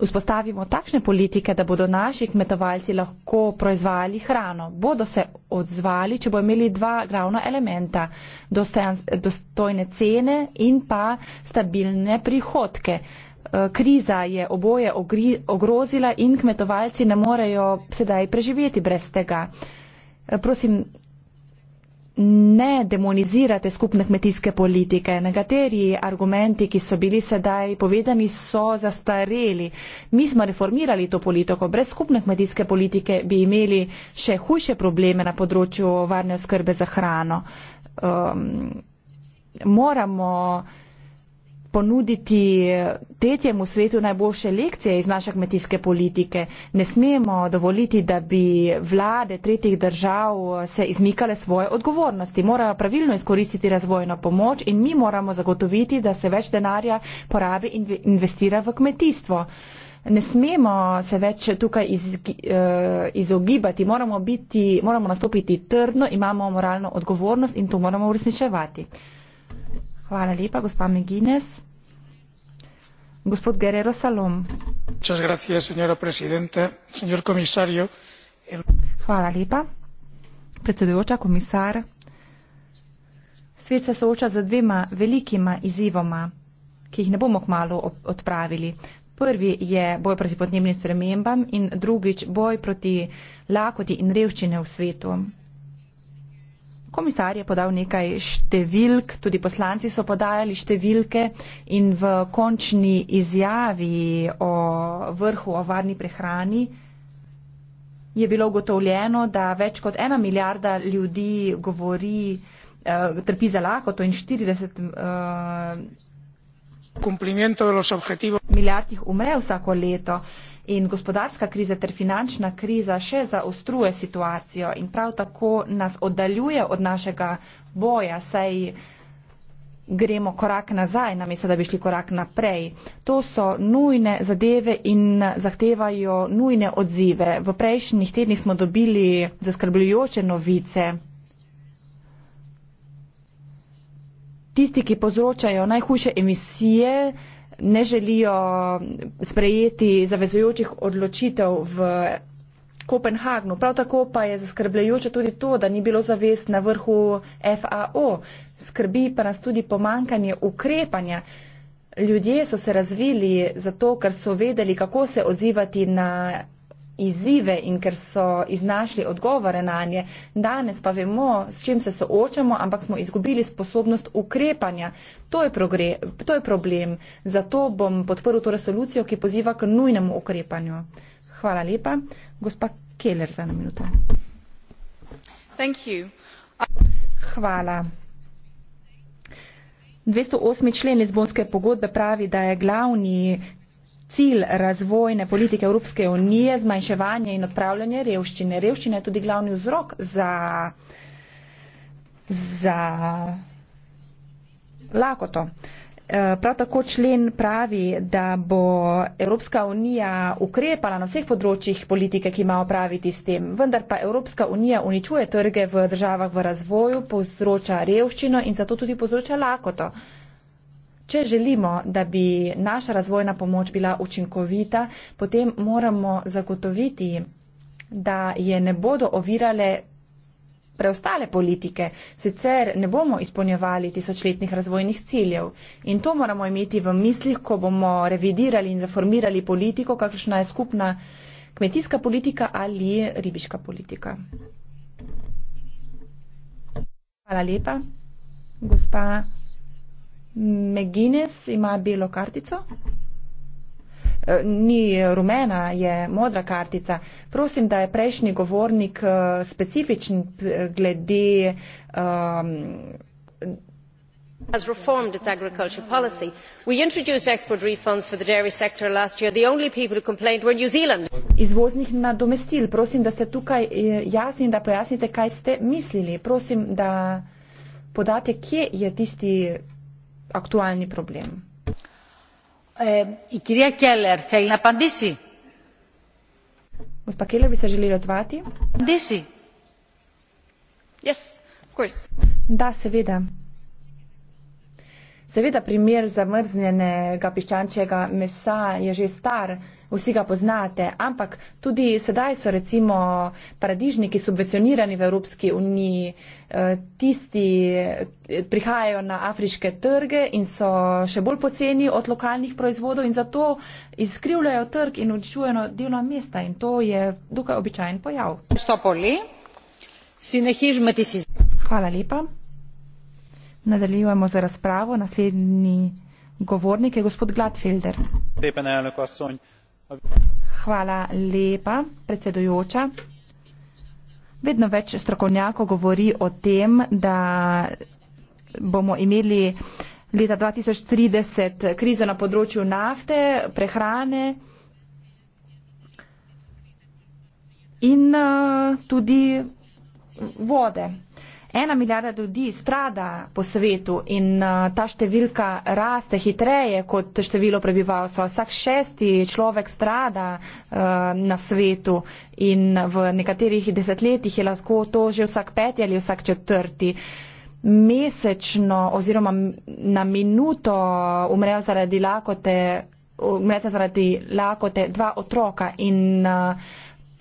vzpostavimo takšne politike, da bodo naši kmetovalci lahko proizvajali hrano. Bodo se odzvali, če bo imeli dva glavna elementa, dostojne cene in pa stabilne prihodke. Eh, kriza je oboje ogrozila in kmetovalci ne morejo sedaj preživeti brez tega. Eh, prosim, ne demonizirate skupne kmetijske politike. Nekateri argumenti, ki so bili sedaj povedani, so zastareli. Mi smo reformirali to politiko. Brez skupne kmetijske politike bi imeli še hujše probleme na področju varne oskrbe za hrano. Um, moramo ponuditi eh, tretjemu svetu najboljše lekcije iz naše kmetijske politike. Ne smemo dovoliti, da bi vlade tretjih držav eh, se izmikale svoje odgovornosti. Morajo pravilno izkoristiti razvojno pomoč in mi moramo zagotoviti, da se več denarja porabi in investira v kmetijstvo. Ne smemo se več tukaj iz, eh, izogibati, moramo, biti, moramo nastopiti trdno, imamo moralno odgovornost in to moramo uresničevati. Hvala lepa, gospa Megines. Gospod Guerrero Salom. Gracias, señor el... Hvala lepa, predsedujoča komisar. Svet se sooča z dvema velikima izzivoma, ki jih ne bomo kmalo odpravili. Prvi je boj proti podnebnim spremembam in drugič boj proti lakoti in revščine v svetu. Komisar je podal nekaj številk, tudi poslanci so podajali številke in v končni izjavi o vrhu o varni prehrani je bilo ugotovljeno, da več kot ena milijarda ljudi govori, eh, trpi za lakoto in 40 uh, eh, milijard jih umre vsako leto in gospodarska kriza ter finančna kriza še zaostruje situacijo in prav tako nas oddaljuje od našega boja, saj gremo korak nazaj, namesto da bi šli korak naprej. To so nujne zadeve in zahtevajo nujne odzive. V prejšnjih tednih smo dobili zaskrbljujoče novice tisti, ki povzročajo najhujše emisije, ne želijo sprejeti zavezujočih odločitev v Kopenhagnu. Prav tako pa je zaskrbljajoče tudi to, da ni bilo zavest na vrhu FAO. Skrbi pa nas tudi pomankanje ukrepanja. Ljudje so se razvili zato, ker so vedeli, kako se odzivati na izzive in ker so iznašli odgovore na nje, danes pa vemo, s čim se soočamo, ampak smo izgubili sposobnost ukrepanja. To je, progre, to je problem. Zato bom podprl to resolucijo, ki poziva k nujnemu ukrepanju. Hvala lepa. Gospa Keller za eno minuto. Hvala. 208. člen izbonske pogodbe pravi, da je glavni cilj razvojne politike Evropske unije zmanjševanje in odpravljanje revščine. Revščina je tudi glavni vzrok za, za lakoto. E, prav tako člen pravi, da bo Evropska unija ukrepala na vseh področjih politike, ki ima opraviti s tem. Vendar pa Evropska unija uničuje trge v državah v razvoju, povzroča revščino in zato tudi povzroča lakoto. Uh, Če želimo, da bi naša razvojna pomoč bila učinkovita, potem moramo zagotoviti, da je ne bodo ovirale preostale politike, sicer ne bomo izpolnjevali tisočletnih razvojnih ciljev. In to moramo imeti v mislih, ko bomo revidirali in reformirali politiko, kakšna je skupna kmetijska politika ali ribiška politika. Hvala lepa. Gospa McGuinness ima belo kartico. E, ni rumena, je modra kartica. Prosim, da je prejšnji govornik e, specifičen glede. Um, Has reformed its agriculture policy. We introduced export refunds for the dairy sector last year. The only people who complained were New Zealand. Izvoznih nadomestil. Prosim, da ste tukaj e, jasni in da pojasnite, kaj ste mislili. Prosim, da podate, kje je tisti aktualni problem. Eh, Gospa Keller, bi se želeli odzvati? Da, seveda. Seveda primer zamrznjenega piščančjega mesa je že star vsi ga poznate, ampak tudi sedaj so recimo paradižniki subvencionirani v Evropski uniji, eh, tisti eh, prihajajo na afriške trge in so še bolj poceni od lokalnih proizvodov in zato izkrivljajo trg in uničujejo divna mesta in to je dokaj običajen pojav. Hvala lepa. Nadaljujemo za razpravo. Naslednji govornik je gospod Gladfelder. Hvala lepa, predsedujoča. Vedno več strokovnjakov govori o tem, da bomo imeli leta 2030 krizo na področju nafte, prehrane in eh, tudi vode. Ena milijarda ljudi strada po svetu in uh, ta številka raste hitreje kot število prebivalstva. Vsak šesti človek strada uh, na svetu in v nekaterih desetletjih je lahko to že vsak peti ali vsak četrti. Mesečno oziroma na minuto umrejo zaradi lakote, umrete zaradi lakote dva otroka in uh,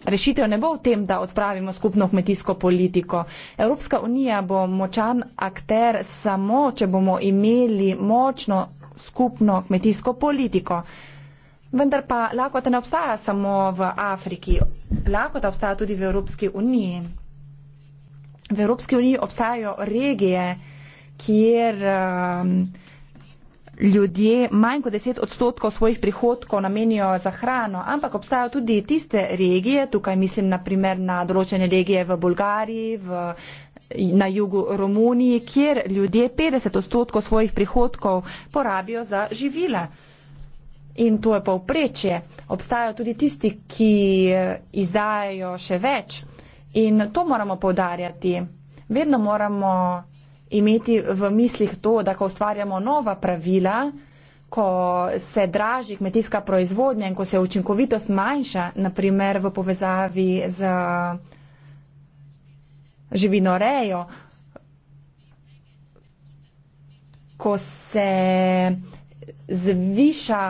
Rešitev ne bo v tem, da odpravimo skupno kmetijsko politiko. Evropska unija bo močan akter samo, če bomo imeli močno skupno kmetijsko politiko. Vendar pa lakota ne obstaja samo v Afriki, lakota obstaja tudi v Evropski uniji. V Evropski uniji obstajajo regije, kjer uh, ljudje manj kot 10 odstotkov svojih prihodkov namenijo za hrano, ampak obstajajo tudi tiste regije, tukaj mislim naprimer na določene regije v Bolgariji, v, na jugu Romuniji, kjer ljudje 50 odstotkov svojih prihodkov porabijo za živila. In to je povprečje. Obstajajo tudi tisti, ki eh, izdajajo še več. In to moramo povdarjati. Vedno moramo imeti v mislih to, da ko ustvarjamo nova pravila, ko se draži kmetijska proizvodnja in ko se učinkovitost manjša, naprimer v povezavi z živinorejo, ko se zviša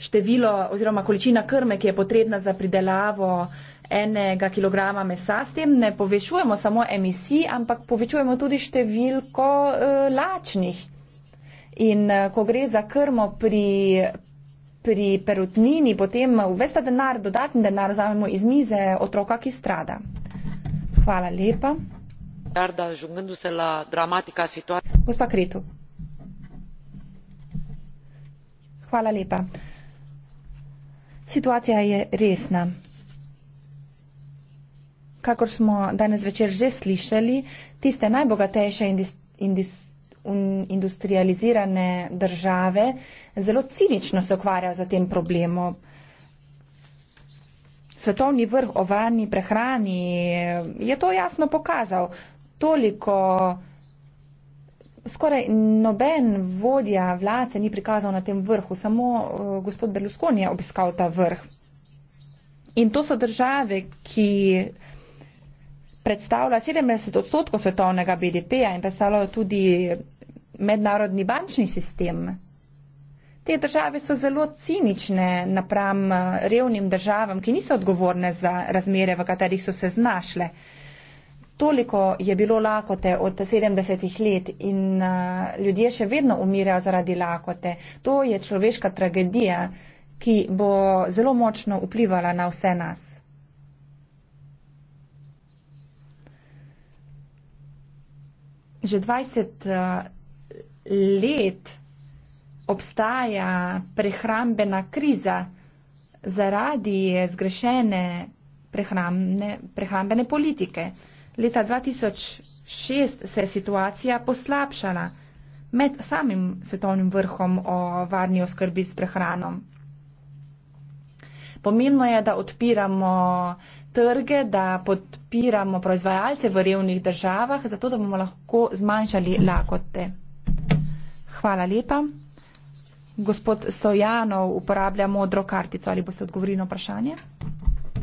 število oziroma količina krme, ki je potrebna za pridelavo enega kilograma mesa, s tem ne povečujemo samo emisij, ampak povečujemo tudi številko uh, lačnih. In uh, ko gre za krmo pri, pri perutnini, potem vesta denar, dodatni denar vzamemo iz mize otroka, ki strada. Hvala lepa. Arda, žungendo se la dramatika situacija. Gospa Kretu. Hvala lepa. Situacija je resna kakor smo danes večer že slišali, tiste najbogatejše indis, indis, un, industrializirane države zelo cinično se ukvarjajo za tem problemom. Svetovni vrh o varni prehrani je to jasno pokazal. Toliko, skoraj noben vodja vlade ni prikazal na tem vrhu, samo eh, gospod Berlusconi je obiskal ta vrh. In to so države, ki predstavlja 70 odstotkov svetovnega BDP-ja in predstavlja tudi mednarodni bančni sistem. Te države so zelo cinične napram eh, revnim državam, ki niso odgovorne za razmere, v katerih so se znašle. Toliko je bilo lakote od 70 let in eh, ljudje še vedno umirajo zaradi lakote. To je človeška tragedija, ki bo zelo močno vplivala na vse nas. že 20 eh, let obstaja prehrambena kriza zaradi zgrešene prehrambne, prehrambene politike. Leta 2006 se je situacija poslabšala med samim svetovnim vrhom o varni oskrbi s prehranom. Pomembno je, da odpiramo uh, trge, da podpiramo proizvajalce v revnih državah, zato da bomo lahko zmanjšali lakote. Hvala lepa. Gospod Stojanov uporablja modro kartico. Ali boste odgovorili na vprašanje?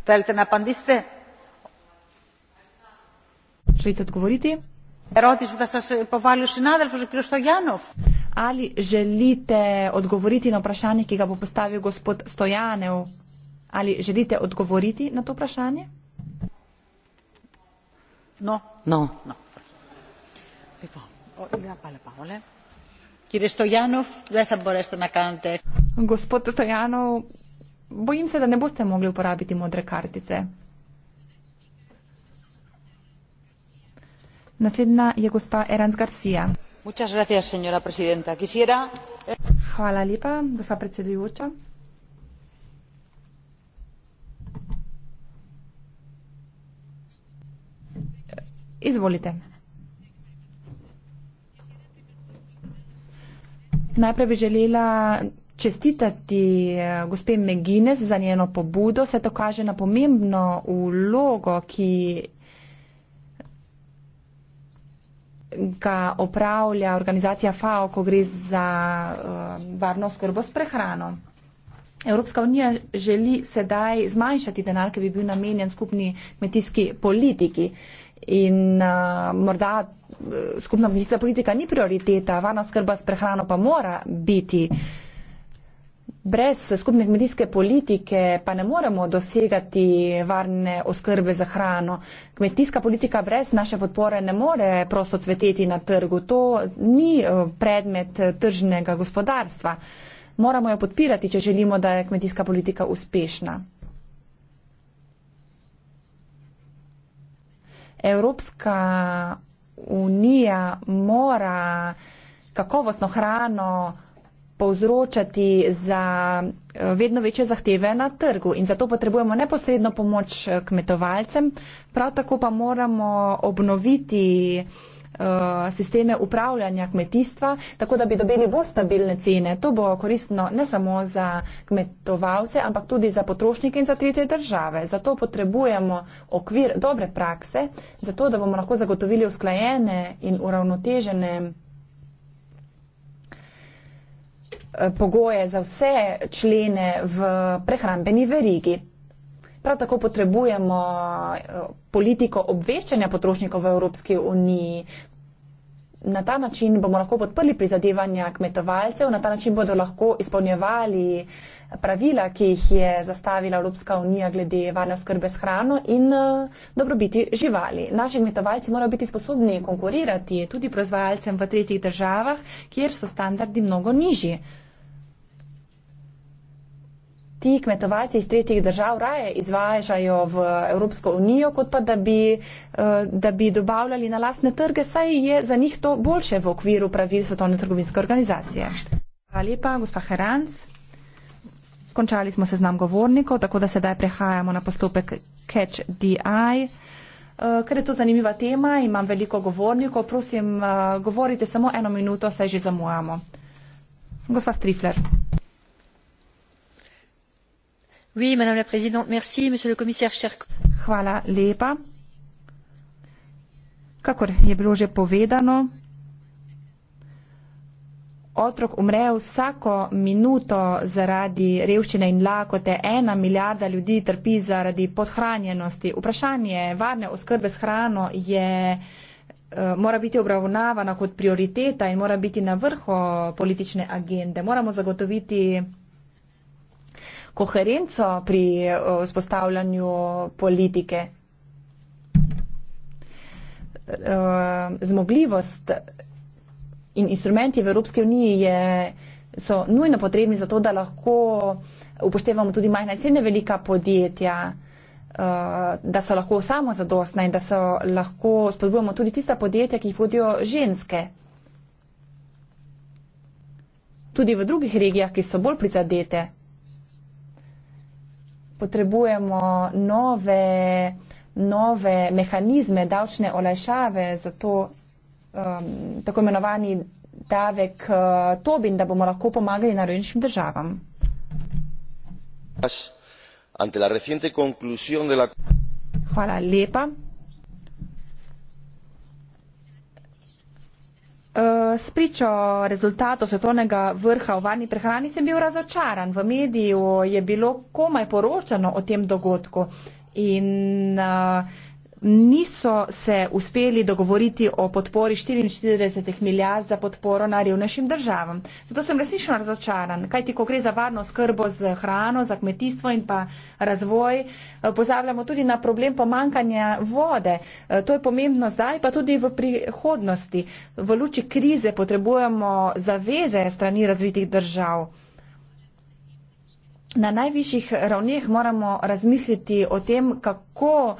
Pelte na pandiste. Želite odgovoriti? Erotič, da se povalil še nadal, že kjer Stojanov. Ali želite odgovoriti na vprašanje, ki ga bo postavil gospod Stojanov? Ali želite odgovoriti na to vprašanje? No. No. no. Oh, ja, ja, Gospod Stojanov, bojim se, da ne boste mogli uporabiti modre kartice. Naslednja je gospa Erans Garcia. Gracias, eh, Hvala lepa, gospa predsedujoča. Izvolite. Najprej bi želela čestitati eh, gospe McGuinness za njeno pobudo. Se to kaže na pomembno vlogo, ki ga opravlja organizacija FAO, ko gre za eh, varno skrbo s prehrano. Evropska unija želi sedaj zmanjšati denar, ki bi bil namenjen skupni kmetijski politiki. In uh, morda eh, skupna medijska politika ni prioriteta, varna skrba s prehrano pa mora biti. Brez skupne kmetijske politike pa ne moremo dosegati varne oskrbe za hrano. Kmetijska politika brez naše podpore ne more prosto cveteti na trgu. To ni eh, predmet tržnega gospodarstva. Moramo jo podpirati, če želimo, da je kmetijska politika uspešna. Evropska unija mora kakovostno hrano povzročati za eh, vedno večje zahteve na trgu in zato potrebujemo neposredno pomoč eh, kmetovalcem, prav tako pa moramo obnoviti uh, Eh, sisteme upravljanja kmetijstva, tako da bi dobili bolj stabilne cene. To bo koristno ne samo za kmetovalce, ampak tudi za potrošnike in za tretje države. Zato potrebujemo okvir dobre prakse, zato da bomo lahko zagotovili usklajene in uravnotežene eh, pogoje za vse člene v prehrambeni verigi. Prav tako potrebujemo eh, politiko obveščanja potrošnikov v Evropski uniji. Na ta način bomo lahko podprli prizadevanja kmetovalcev, na ta način bodo lahko izpolnjevali pravila, ki jih je zastavila Evropska unija glede varne skrbe s hrano in eh, dobrobiti živali. Naši kmetovalci morajo biti sposobni konkurirati tudi proizvajalcem v tretjih državah, kjer so standardi mnogo nižji ti kmetovalci iz tretjih držav raje izvažajo v Evropsko unijo, kot pa da bi, eh, da bi dobavljali na lastne trge, saj je za njih to boljše v okviru pravil Svetovne trgovinske organizacije. Hvala lepa, gospa Heranc. Končali smo seznam govornikov, tako da sedaj prehajamo na postopek Catch DI. Eh, ker je to zanimiva tema, imam veliko govornikov, prosim, eh, govorite samo eno minuto, saj že zamujamo. Gospa Strifler madame la présidente merci monsieur le commissaire chers collègues otrok umre vsako minuto zaradi revščine in lakote ena milijarda ljudi trpi zaradi podhranjenosti vprašanje varne oskrbe s hrano je eh, mora biti obravnavana kot prioriteta in mora biti na vrhu politične agende moramo zagotoviti koherenco pri eh, vzpostavljanju politike. Eh, zmogljivost in instrumenti v Evropski uniji je, so nujno potrebni za to, da lahko upoštevamo tudi majhna in srednja velika podjetja, eh, da so lahko samozadostna in da so lahko spodbujamo tudi tista podjetja, ki jih vodijo ženske. Tudi v drugih regijah, ki so bolj prizadete, potrebujemo nove, nove mehanizme, davčne olajšave za to um, tako imenovani davek uh, Tobin, da bomo lahko pomagali narodnim državam. Hvala lepa. uh, eh, spričo rezultatov svetovnega vrha o varni prehrani sem bil razočaran. V mediju je bilo komaj poročano o tem dogodku. In, uh, niso se uspeli dogovoriti o podpori 44 milijard za podporo najrevnejšim državam. Zato sem resnično razočaran, kajti ko gre za varno skrbo z hrano, za kmetijstvo in pa razvoj, eh, pozabljamo tudi na problem pomankanja vode. Eh, to je pomembno zdaj, pa tudi v prihodnosti. V luči krize potrebujemo zaveze strani razvitih držav. Na najvišjih ravneh moramo razmisliti o tem, kako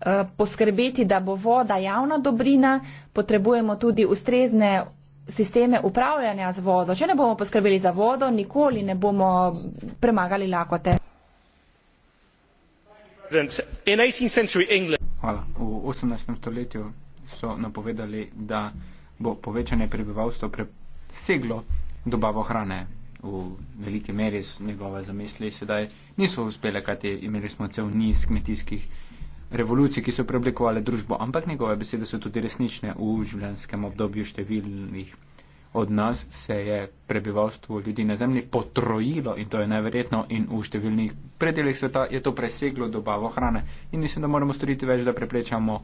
Eh, poskrbeti, da bo voda javna dobrina, potrebujemo tudi ustrezne sisteme upravljanja z vodo. Če ne bomo poskrbeli za vodo, nikoli ne bomo premagali lakote. Hvala. V 18. stoletju so napovedali, da bo povečanje prebivalstva preseglo dobavo hrane. V veliki meri njegove zamisli sedaj niso uspele, kajti imeli smo cel niz kmetijskih revolucij, ki so preoblikovali družbo, ampak njegove besede so tudi resnične. V življenjskem obdobju številnih od nas se je prebivalstvo ljudi na zemlji potrojilo in to je neverjetno in v številnih predeljih sveta je to preseglo dobavo hrane. In mislim, da moramo storiti več, da preprečamo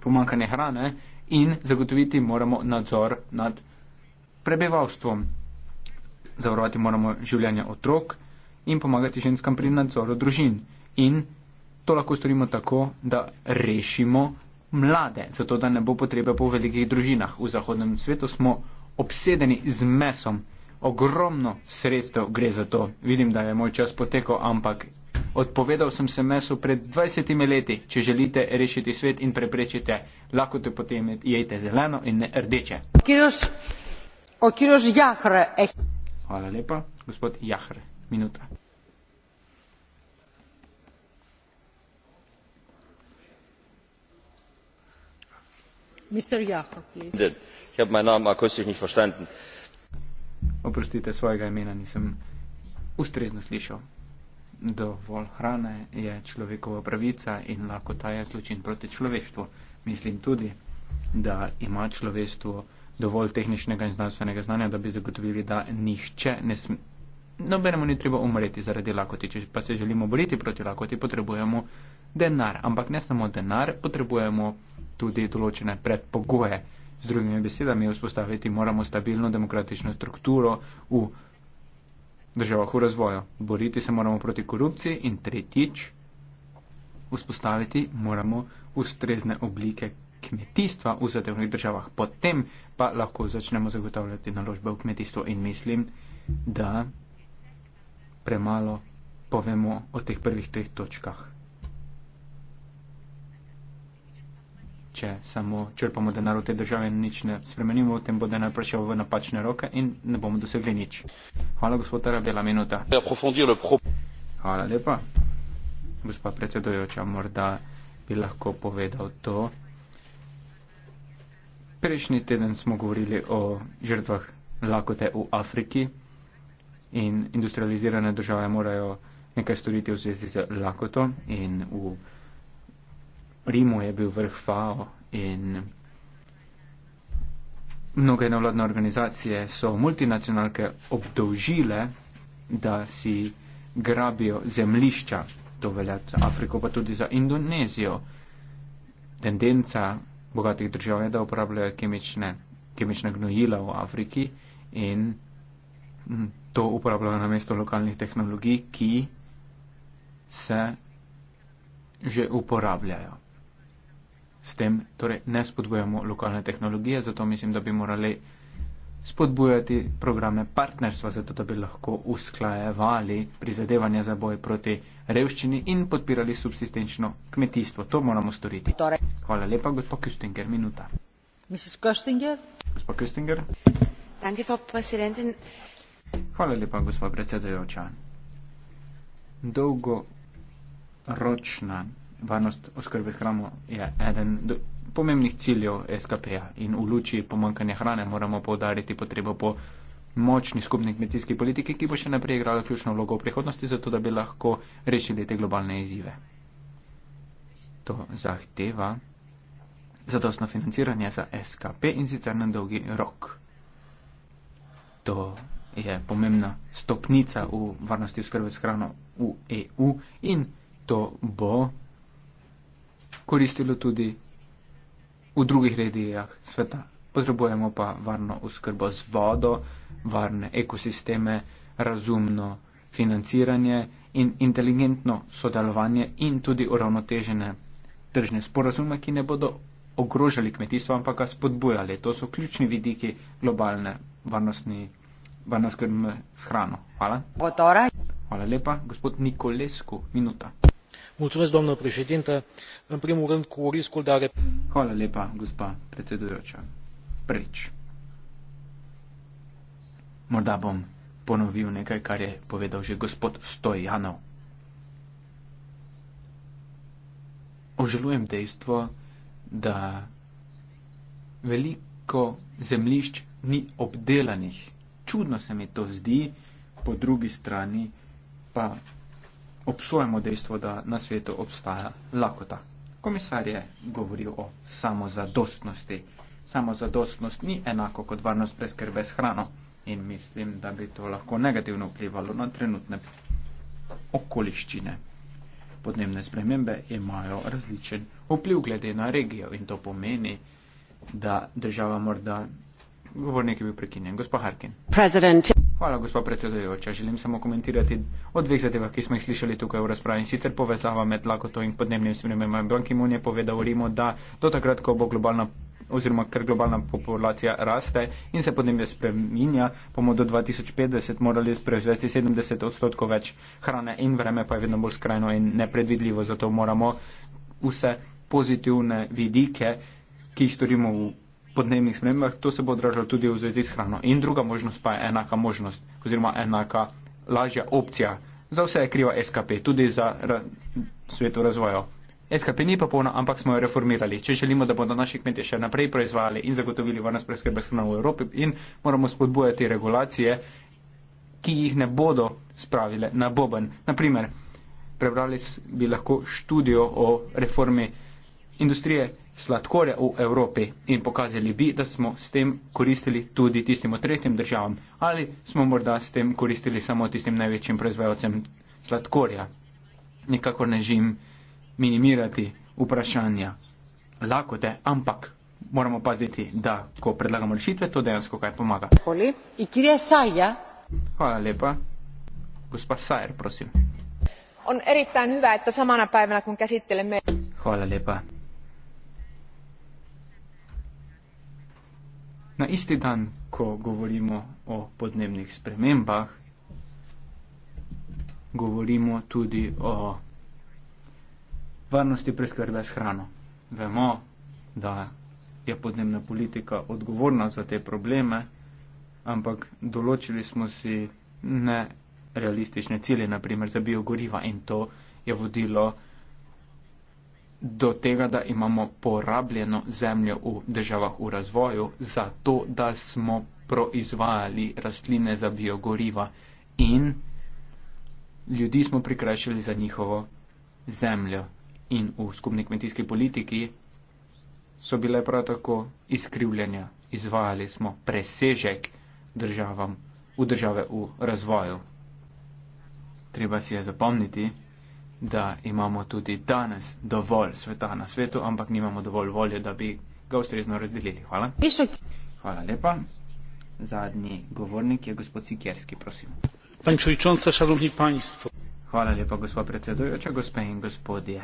pomankanje hrane in zagotoviti moramo nadzor nad prebivalstvom. Zavarovati moramo življenje otrok in pomagati ženskam pri nadzoru družin. In to lahko storimo tako, da rešimo mlade, zato da ne bo potrebe po velikih družinah. V zahodnem svetu smo obsedeni z mesom. Ogromno sredstev gre za to. Vidim, da je moj čas potekel, ampak odpovedal sem se mesu pred 20 leti. Če želite rešiti svet in preprečite, lahko te potem jejte zeleno in ne rdeče. Hvala lepa, gospod Jahre. Minuta. ich habe meinen namen akustisch nicht verstanden. oprostite svojega imena nisem ustrezno slišal. dovolj hrane je človekova pravica in lahko ta je zločin proti človeštvu. mislim tudi, da ima človeštvo dovolj tehničnega in znanstvenega znanja, da bi zagotovili, da nihče ne sme. Nobenemu ni treba umreti zaradi lakoti, če pa se želimo boriti proti lakoti, potrebujemo denar. Ampak ne samo denar, potrebujemo tudi določene predpogoje. Z drugimi besedami, vzpostaviti moramo stabilno demokratično strukturo v državah v razvoju. Boriti se moramo proti korupciji in tretjič, vzpostaviti moramo ustrezne oblike kmetijstva v zadevnih državah. Potem pa lahko začnemo zagotavljati naložbe v kmetijstvo in mislim, da premalo povemo o teh prvih treh točkah. če samo črpamo denar v te države in nič ne spremenimo, potem bo denar prišel v napačne roke in ne bomo dosegli nič. Hvala, gospod Arabela, minuta. Hvala lepa. Gospa predsedojoča, morda bi lahko povedal to. Prejšnji teden smo govorili o žrtvah lakote v Afriki in industrializirane države morajo nekaj storiti v zvezi z lakoto in v Afriki. Rimu je bil vrh FAO in mnoge nevladne organizacije so multinacionalke obdolžile, da si grabijo zemlišča, to velja za Afriko, pa tudi za Indonezijo. Tendenca bogatih držav je, da uporabljajo kemične, kemična gnojila v Afriki in to uporabljajo na mesto lokalnih tehnologij, ki se že uporabljajo s tem torej ne spodbujamo lokalne tehnologije, zato mislim, da bi morali spodbujati programe partnerstva, zato da bi lahko usklajevali prizadevanja za boj proti revščini in podpirali subsistenčno kmetijstvo. To moramo storiti. Torej. Hvala lepa, gospod Küstinger. Minuta. Gospod Küstinger. Hvala lepa, gospod predsedujoča. Dolgoročna varnost oskrbe hrano je eden do, pomembnih ciljev SKP-ja in v luči pomankanja hrane moramo povdariti potrebo po močni skupni kmetijski politiki, ki bo še naprej igrala ključno vlogo v prihodnosti, zato da bi lahko rešili te globalne izzive. To zahteva zadostno financiranje za SKP in sicer na dolgi rok. To je pomembna stopnica v varnosti oskrbe s hrano v EU in to bo koristilo tudi v drugih regijah sveta. Potrebujemo pa varno oskrbo z vodo, varne ekosisteme, razumno financiranje in inteligentno sodelovanje in tudi uravnotežene tržne sporazume, ki ne bodo ogrožali kmetijstva, ampak ga spodbujali. To so ključni vidiki globalne varnostni, varnostne skrbe s hrano. Hvala. Torej? Hvala lepa, gospod Nikolesku. Minuta în primul rând cu riscul de a repeta Morda bom ponovil nekaj, kar je povedal že gospod Stojanov. Oželujem dejstvo, da veliko zemljišč ni obdelanih. Čudno se mi to zdi, po drugi strani pa obsojamo dejstvo, da na svetu obstaja lakota. Komisar je govoril o samozadostnosti. Samozadostnost ni enako kot varnost preskrbe s hrano in mislim, da bi to lahko negativno vplivalo na trenutne okoliščine. Podnebne spremembe imajo različen vpliv glede na regijo in to pomeni, da država morda. Govornik je bil prekinjen, gospod Harkin. President. Hvala, gospod predsedujoča. Želim samo komentirati o dveh zadevah, ki smo jih slišali tukaj v razpravi. In sicer povezava med lakoto in podnebnim spremembam. Bank Imun je povedal Rimu, da do takrat, ko bo globalna oziroma ker globalna populacija raste in se podnebje spreminja, bomo do 2050 morali proizvesti 70 odstotkov več hrane in vreme pa je vedno bolj skrajno in nepredvidljivo. Zato moramo vse pozitivne vidike, ki jih storimo v podnebnih spremembah, to se bo odražalo tudi v zvezi s hrano. In druga možnost pa je enaka možnost oziroma enaka lažja opcija. Za vse je kriva SKP, tudi za ra svetu razvoja. SKP ni popolna, ampak smo jo reformirali. Če želimo, da bodo naši kmetje še naprej proizvajali in zagotovili varnost preskrbe s hrano v Evropi in moramo spodbujati regulacije, ki jih ne bodo spravile na boben. Naprimer, prebrali bi lahko študijo o reformi industrije sladkorja v Evropi in pokazali bi, da smo s tem koristili tudi tistim tretjim državam ali smo morda s tem koristili samo tistim največjim proizvajalcem sladkorja. Nikakor ne želim minimirati vprašanja lakote, ampak moramo paziti, da ko predlagamo rešitve, to dejansko kaj pomaga. Hvala lepa. Gospa Sajer, prosim. On erittäin hyvä, että samana päivänä kun käsittelemme. Hvala lepa. Na isti dan, ko govorimo o podnebnih spremembah, govorimo tudi o varnosti preskrbe s hrano. Vemo, da je podnebna politika odgovorna za te probleme, ampak določili smo si nerealistične cilje, naprimer za biogoriva in to je vodilo do tega, da imamo porabljeno zemljo v državah v razvoju, zato da smo proizvajali rastline za biogoriva in ljudi smo prikrajšali za njihovo zemljo. In v skupni kmetijski politiki so bile prav tako izkrivljanja, izvajali smo presežek državam, v države v razvoju. Treba si je zapomniti da imamo tudi danes dovolj sveta na svetu, ampak nimamo dovolj volje, da bi ga ustrezno razdelili. Hvala. Hvala lepa. Zadnji govornik je gospod Sikerski, prosim. Hvala lepa, gospod predsedujoča, gospe in gospodje.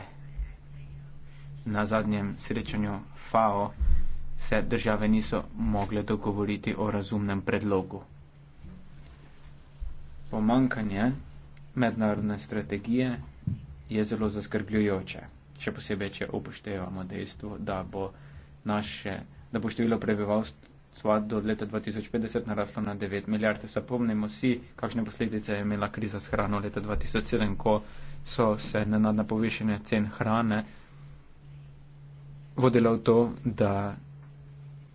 Na zadnjem srečanju FAO se države niso mogle dogovoriti o razumnem predlogu. Pomankanje mednarodne strategije je zelo zaskrbljujoče. Še posebej, če upoštevamo dejstvo, da bo, naše, da bo število prebivalstva do leta 2050 naraslo na 9 milijard. Zapomnimo si, kakšne posledice je imela kriza s hrano leta 2007, ko so se nenadna povišene cen hrane vodile v to, da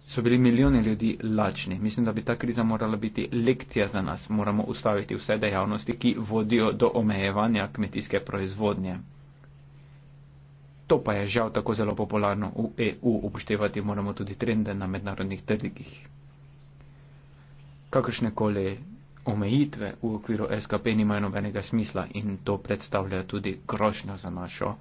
so bili milijoni ljudi lačni. Mislim, da bi ta kriza morala biti lekcija za nas. Moramo ustaviti vse dejavnosti, ki vodijo do omejevanja kmetijske proizvodnje. To pa je žal tako zelo popularno v EU, upoštevati moramo tudi trende na mednarodnih trgih. Kakršnekoli omejitve v okviru SKP nimajo nobenega smisla in to predstavlja tudi grošnjo za našo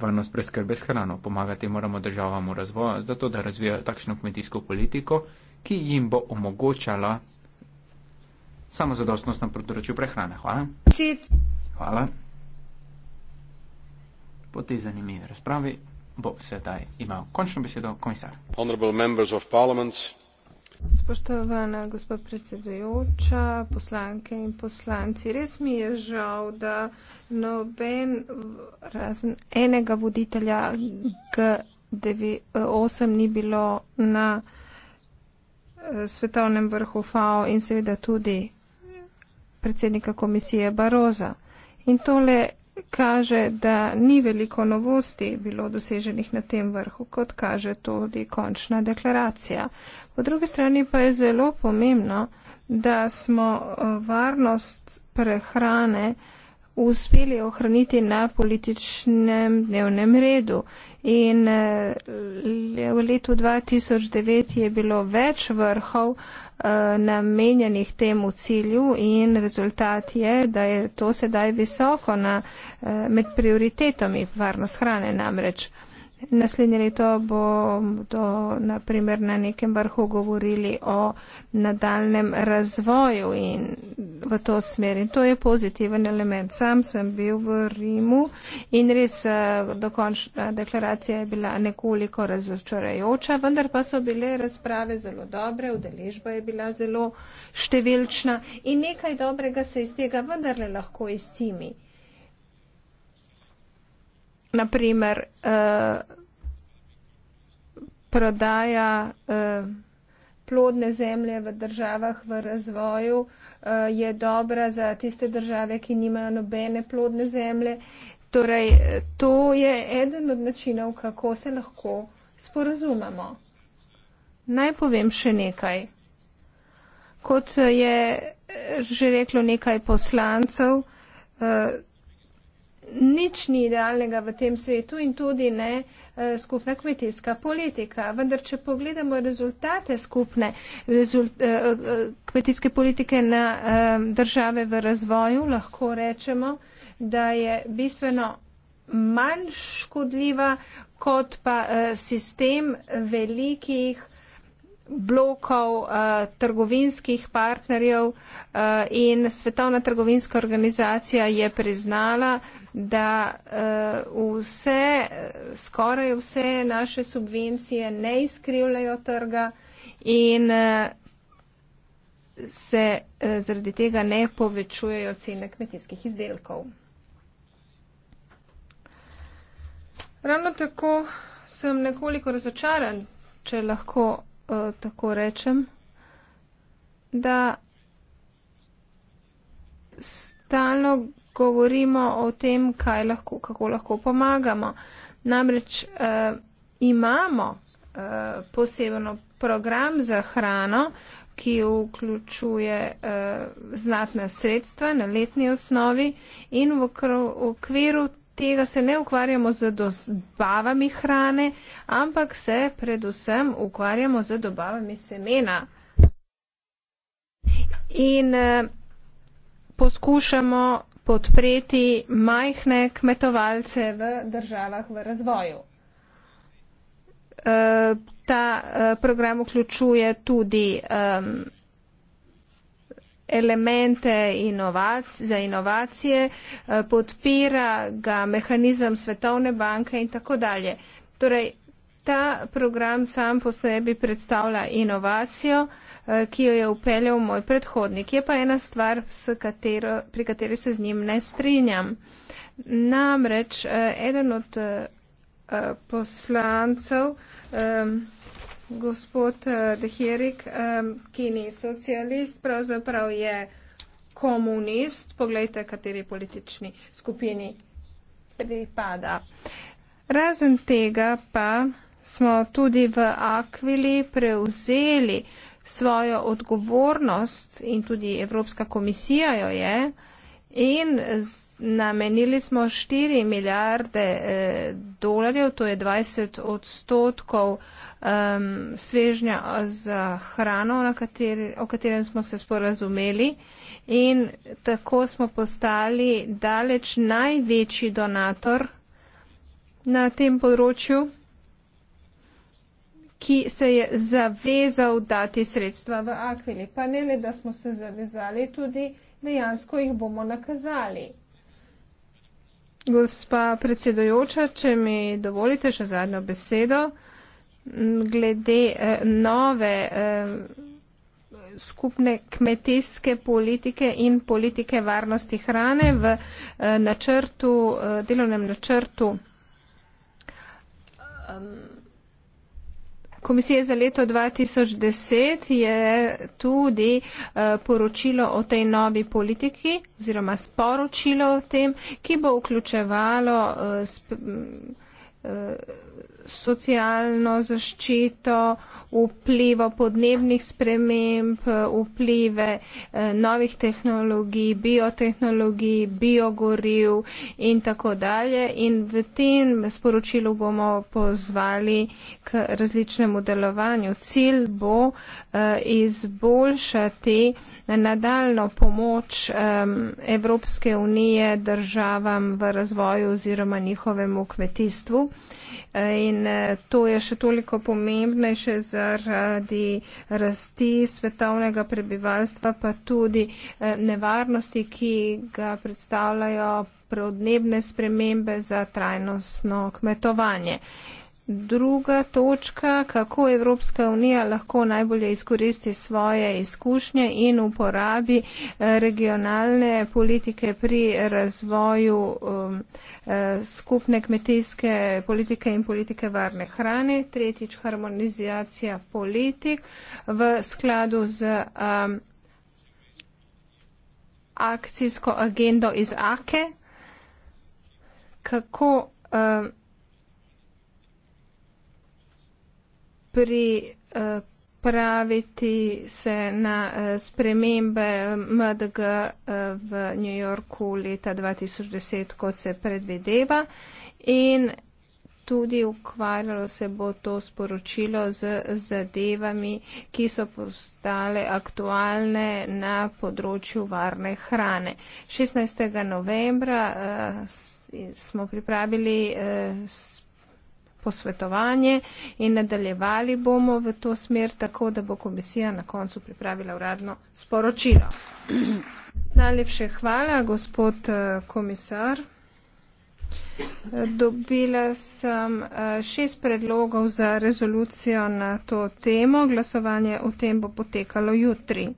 varno preskrbe s hrano. Pomagati moramo državam v razvoju, zato da razvijajo takšno kmetijsko politiko, ki jim bo omogočala samozadostnost na področju prehrane. Hvala. Hvala. Po tej zanimivi razpravi bo sedaj imel končno besedo komisar. Spoštovana gospa predsedujoča, poslanke in poslanci, res mi je žal, da noben razen enega voditelja G8 ni bilo na eh, svetovnem vrhu FAO in seveda tudi predsednika komisije Baroza. In tole kaže, da ni veliko novosti bilo doseženih na tem vrhu, kot kaže tudi končna deklaracija. Po drugi strani pa je zelo pomembno, da smo eh, varnost prehrane uspeli ohraniti na političnem dnevnem redu. In eh, v letu 2009 je bilo več vrhov eh, namenjenih temu cilju in rezultat je, da je to sedaj visoko na, eh, med prioritetami varnost hrane namreč. Naslednje leto bo to, naprimer, na nekem vrhu govorili o nadaljem razvoju in v to smer. In to je pozitiven element. Sam sem bil v Rimu in res eh, dokončna deklaracija je bila nekoliko razočarajoča, vendar pa so bile razprave zelo dobre, udeležba je bila zelo številčna in nekaj dobrega se iz tega vendarle lahko izcimi naprimer, eh, prodaja eh, plodne zemlje v državah v razvoju eh, je dobra za tiste države, ki nimajo nobene plodne zemlje. Torej, to je eden od načinov, kako se lahko sporazumemo. Naj povem še nekaj. Kot je že reklo nekaj poslancev, nič ni idealnega v tem svetu in tudi ne eh, skupna kmetijska politika. Vendar, če pogledamo rezultate skupne rezult, eh, eh, kmetijske politike na države v razvoju, lahko rečemo, da je bistveno manj škodljiva kot pa sistem velikih blokov uh, trgovinskih partnerjev uh, in Svetovna trgovinska organizacija je priznala, da uh, vse, skoraj vse naše subvencije ne izkrivljajo trga in uh, se uh, zaradi tega ne povečujejo cene kmetijskih izdelkov. Ravno tako sem nekoliko razočaran, če lahko Eh, tako rečem, da stalno govorimo o tem, kaj lahko, kako lahko pomagamo. Namreč eh, imamo eh, posebno program za hrano, ki vključuje eh, znatna sredstva na letni osnovi in v okviru tega se ne ukvarjamo z dobavami hrane, ampak se predvsem ukvarjamo z dobavami semena. In eh, poskušamo podpreti majhne kmetovalce v državah v razvoju. Eh, ta eh, program vključuje tudi um, elemente inovac, za inovacije, eh, podpira ga mehanizem Svetovne banke in tako dalje. Torej, ta program sam po sebi predstavlja inovacijo, eh, ki jo je upeljal moj predhodnik. Je pa ena stvar, katero, pri kateri se z njim ne strinjam. Namreč, eh, eden od poslancev, gospod eh, Deherik, eh, ki ni socialist, pravzaprav je komunist. Poglejte, kateri politični skupini pripada. Razen tega pa smo tudi v Akvili prevzeli svojo odgovornost in tudi Evropska komisija jo je, In namenili smo 4 milijarde eh, dolarjev, to je 20 odstotkov eh, svežnja za hrano, kateri, o katerem smo se sporazumeli. In tako smo postali daleč največji donator na tem področju, ki se je zavezal dati sredstva v Akvili. Pa ne le, da smo se zavezali tudi dejansko jih bomo nakazali. Gospa predsedojoča, če mi dovolite še zadnjo besedo, glede eh, nove eh, skupne kmetijske politike in politike varnosti hrane v eh, načrtu, eh, delovnem načrtu. Um, Komisije za leto 2010 je tudi uh, poročilo o tej novi politiki oziroma sporočilo o tem, ki bo vključevalo uh, sp, uh, socialno zaščito, vpliva podnebnih sprememb, vplive eh, novih tehnologij, biotehnologij, biogoriv in tako dalje. In v tem sporočilu bomo pozvali k različnemu delovanju. Cilj bo eh, izboljšati nadaljno pomoč Evropske unije državam v razvoju oziroma njihovemu kmetijstvu. Eh, in to je še toliko pomembnejše z zaradi rasti svetovnega prebivalstva, pa tudi eh, nevarnosti, ki ga predstavljajo prodnebne spremembe za trajnostno kmetovanje. Druga točka, kako Evropska unija lahko najbolje izkoristi svoje izkušnje in uporabi eh, regionalne politike pri razvoju um, eh, skupne kmetijske politike in politike varne hrane. Tretjič, harmonizacija politik v skladu z. Um, akcijsko agendo iz Ake, kako. Um, pripraviti se na eh, spremembe MDG eh, v New Yorku leta 2010, kot se predvideva. In tudi ukvarjalo se bo to sporočilo z zadevami, ki so postale aktualne na področju varne hrane. 16. novembra uh, smo pripravili uh, posvetovanje in nadaljevali bomo v to smer tako, da bo komisija na koncu pripravila uradno sporočilo. Najlepše hvala, gospod eh, komisar. Dobila sem eh, šest predlogov za rezolucijo na to temo. Glasovanje o tem bo potekalo jutri.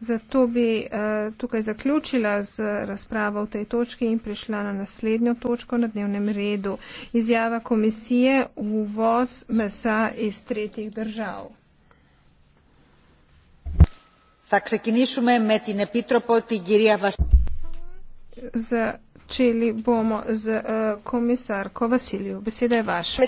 Zato bi eh, tukaj zaključila z razpravo v tej točki in prišla na naslednjo točko na dnevnem redu. Izjava komisije uvoz mesa iz tretjih držav. Začeli bomo z eh, komisarko Vasilijo. Beseda je vaša.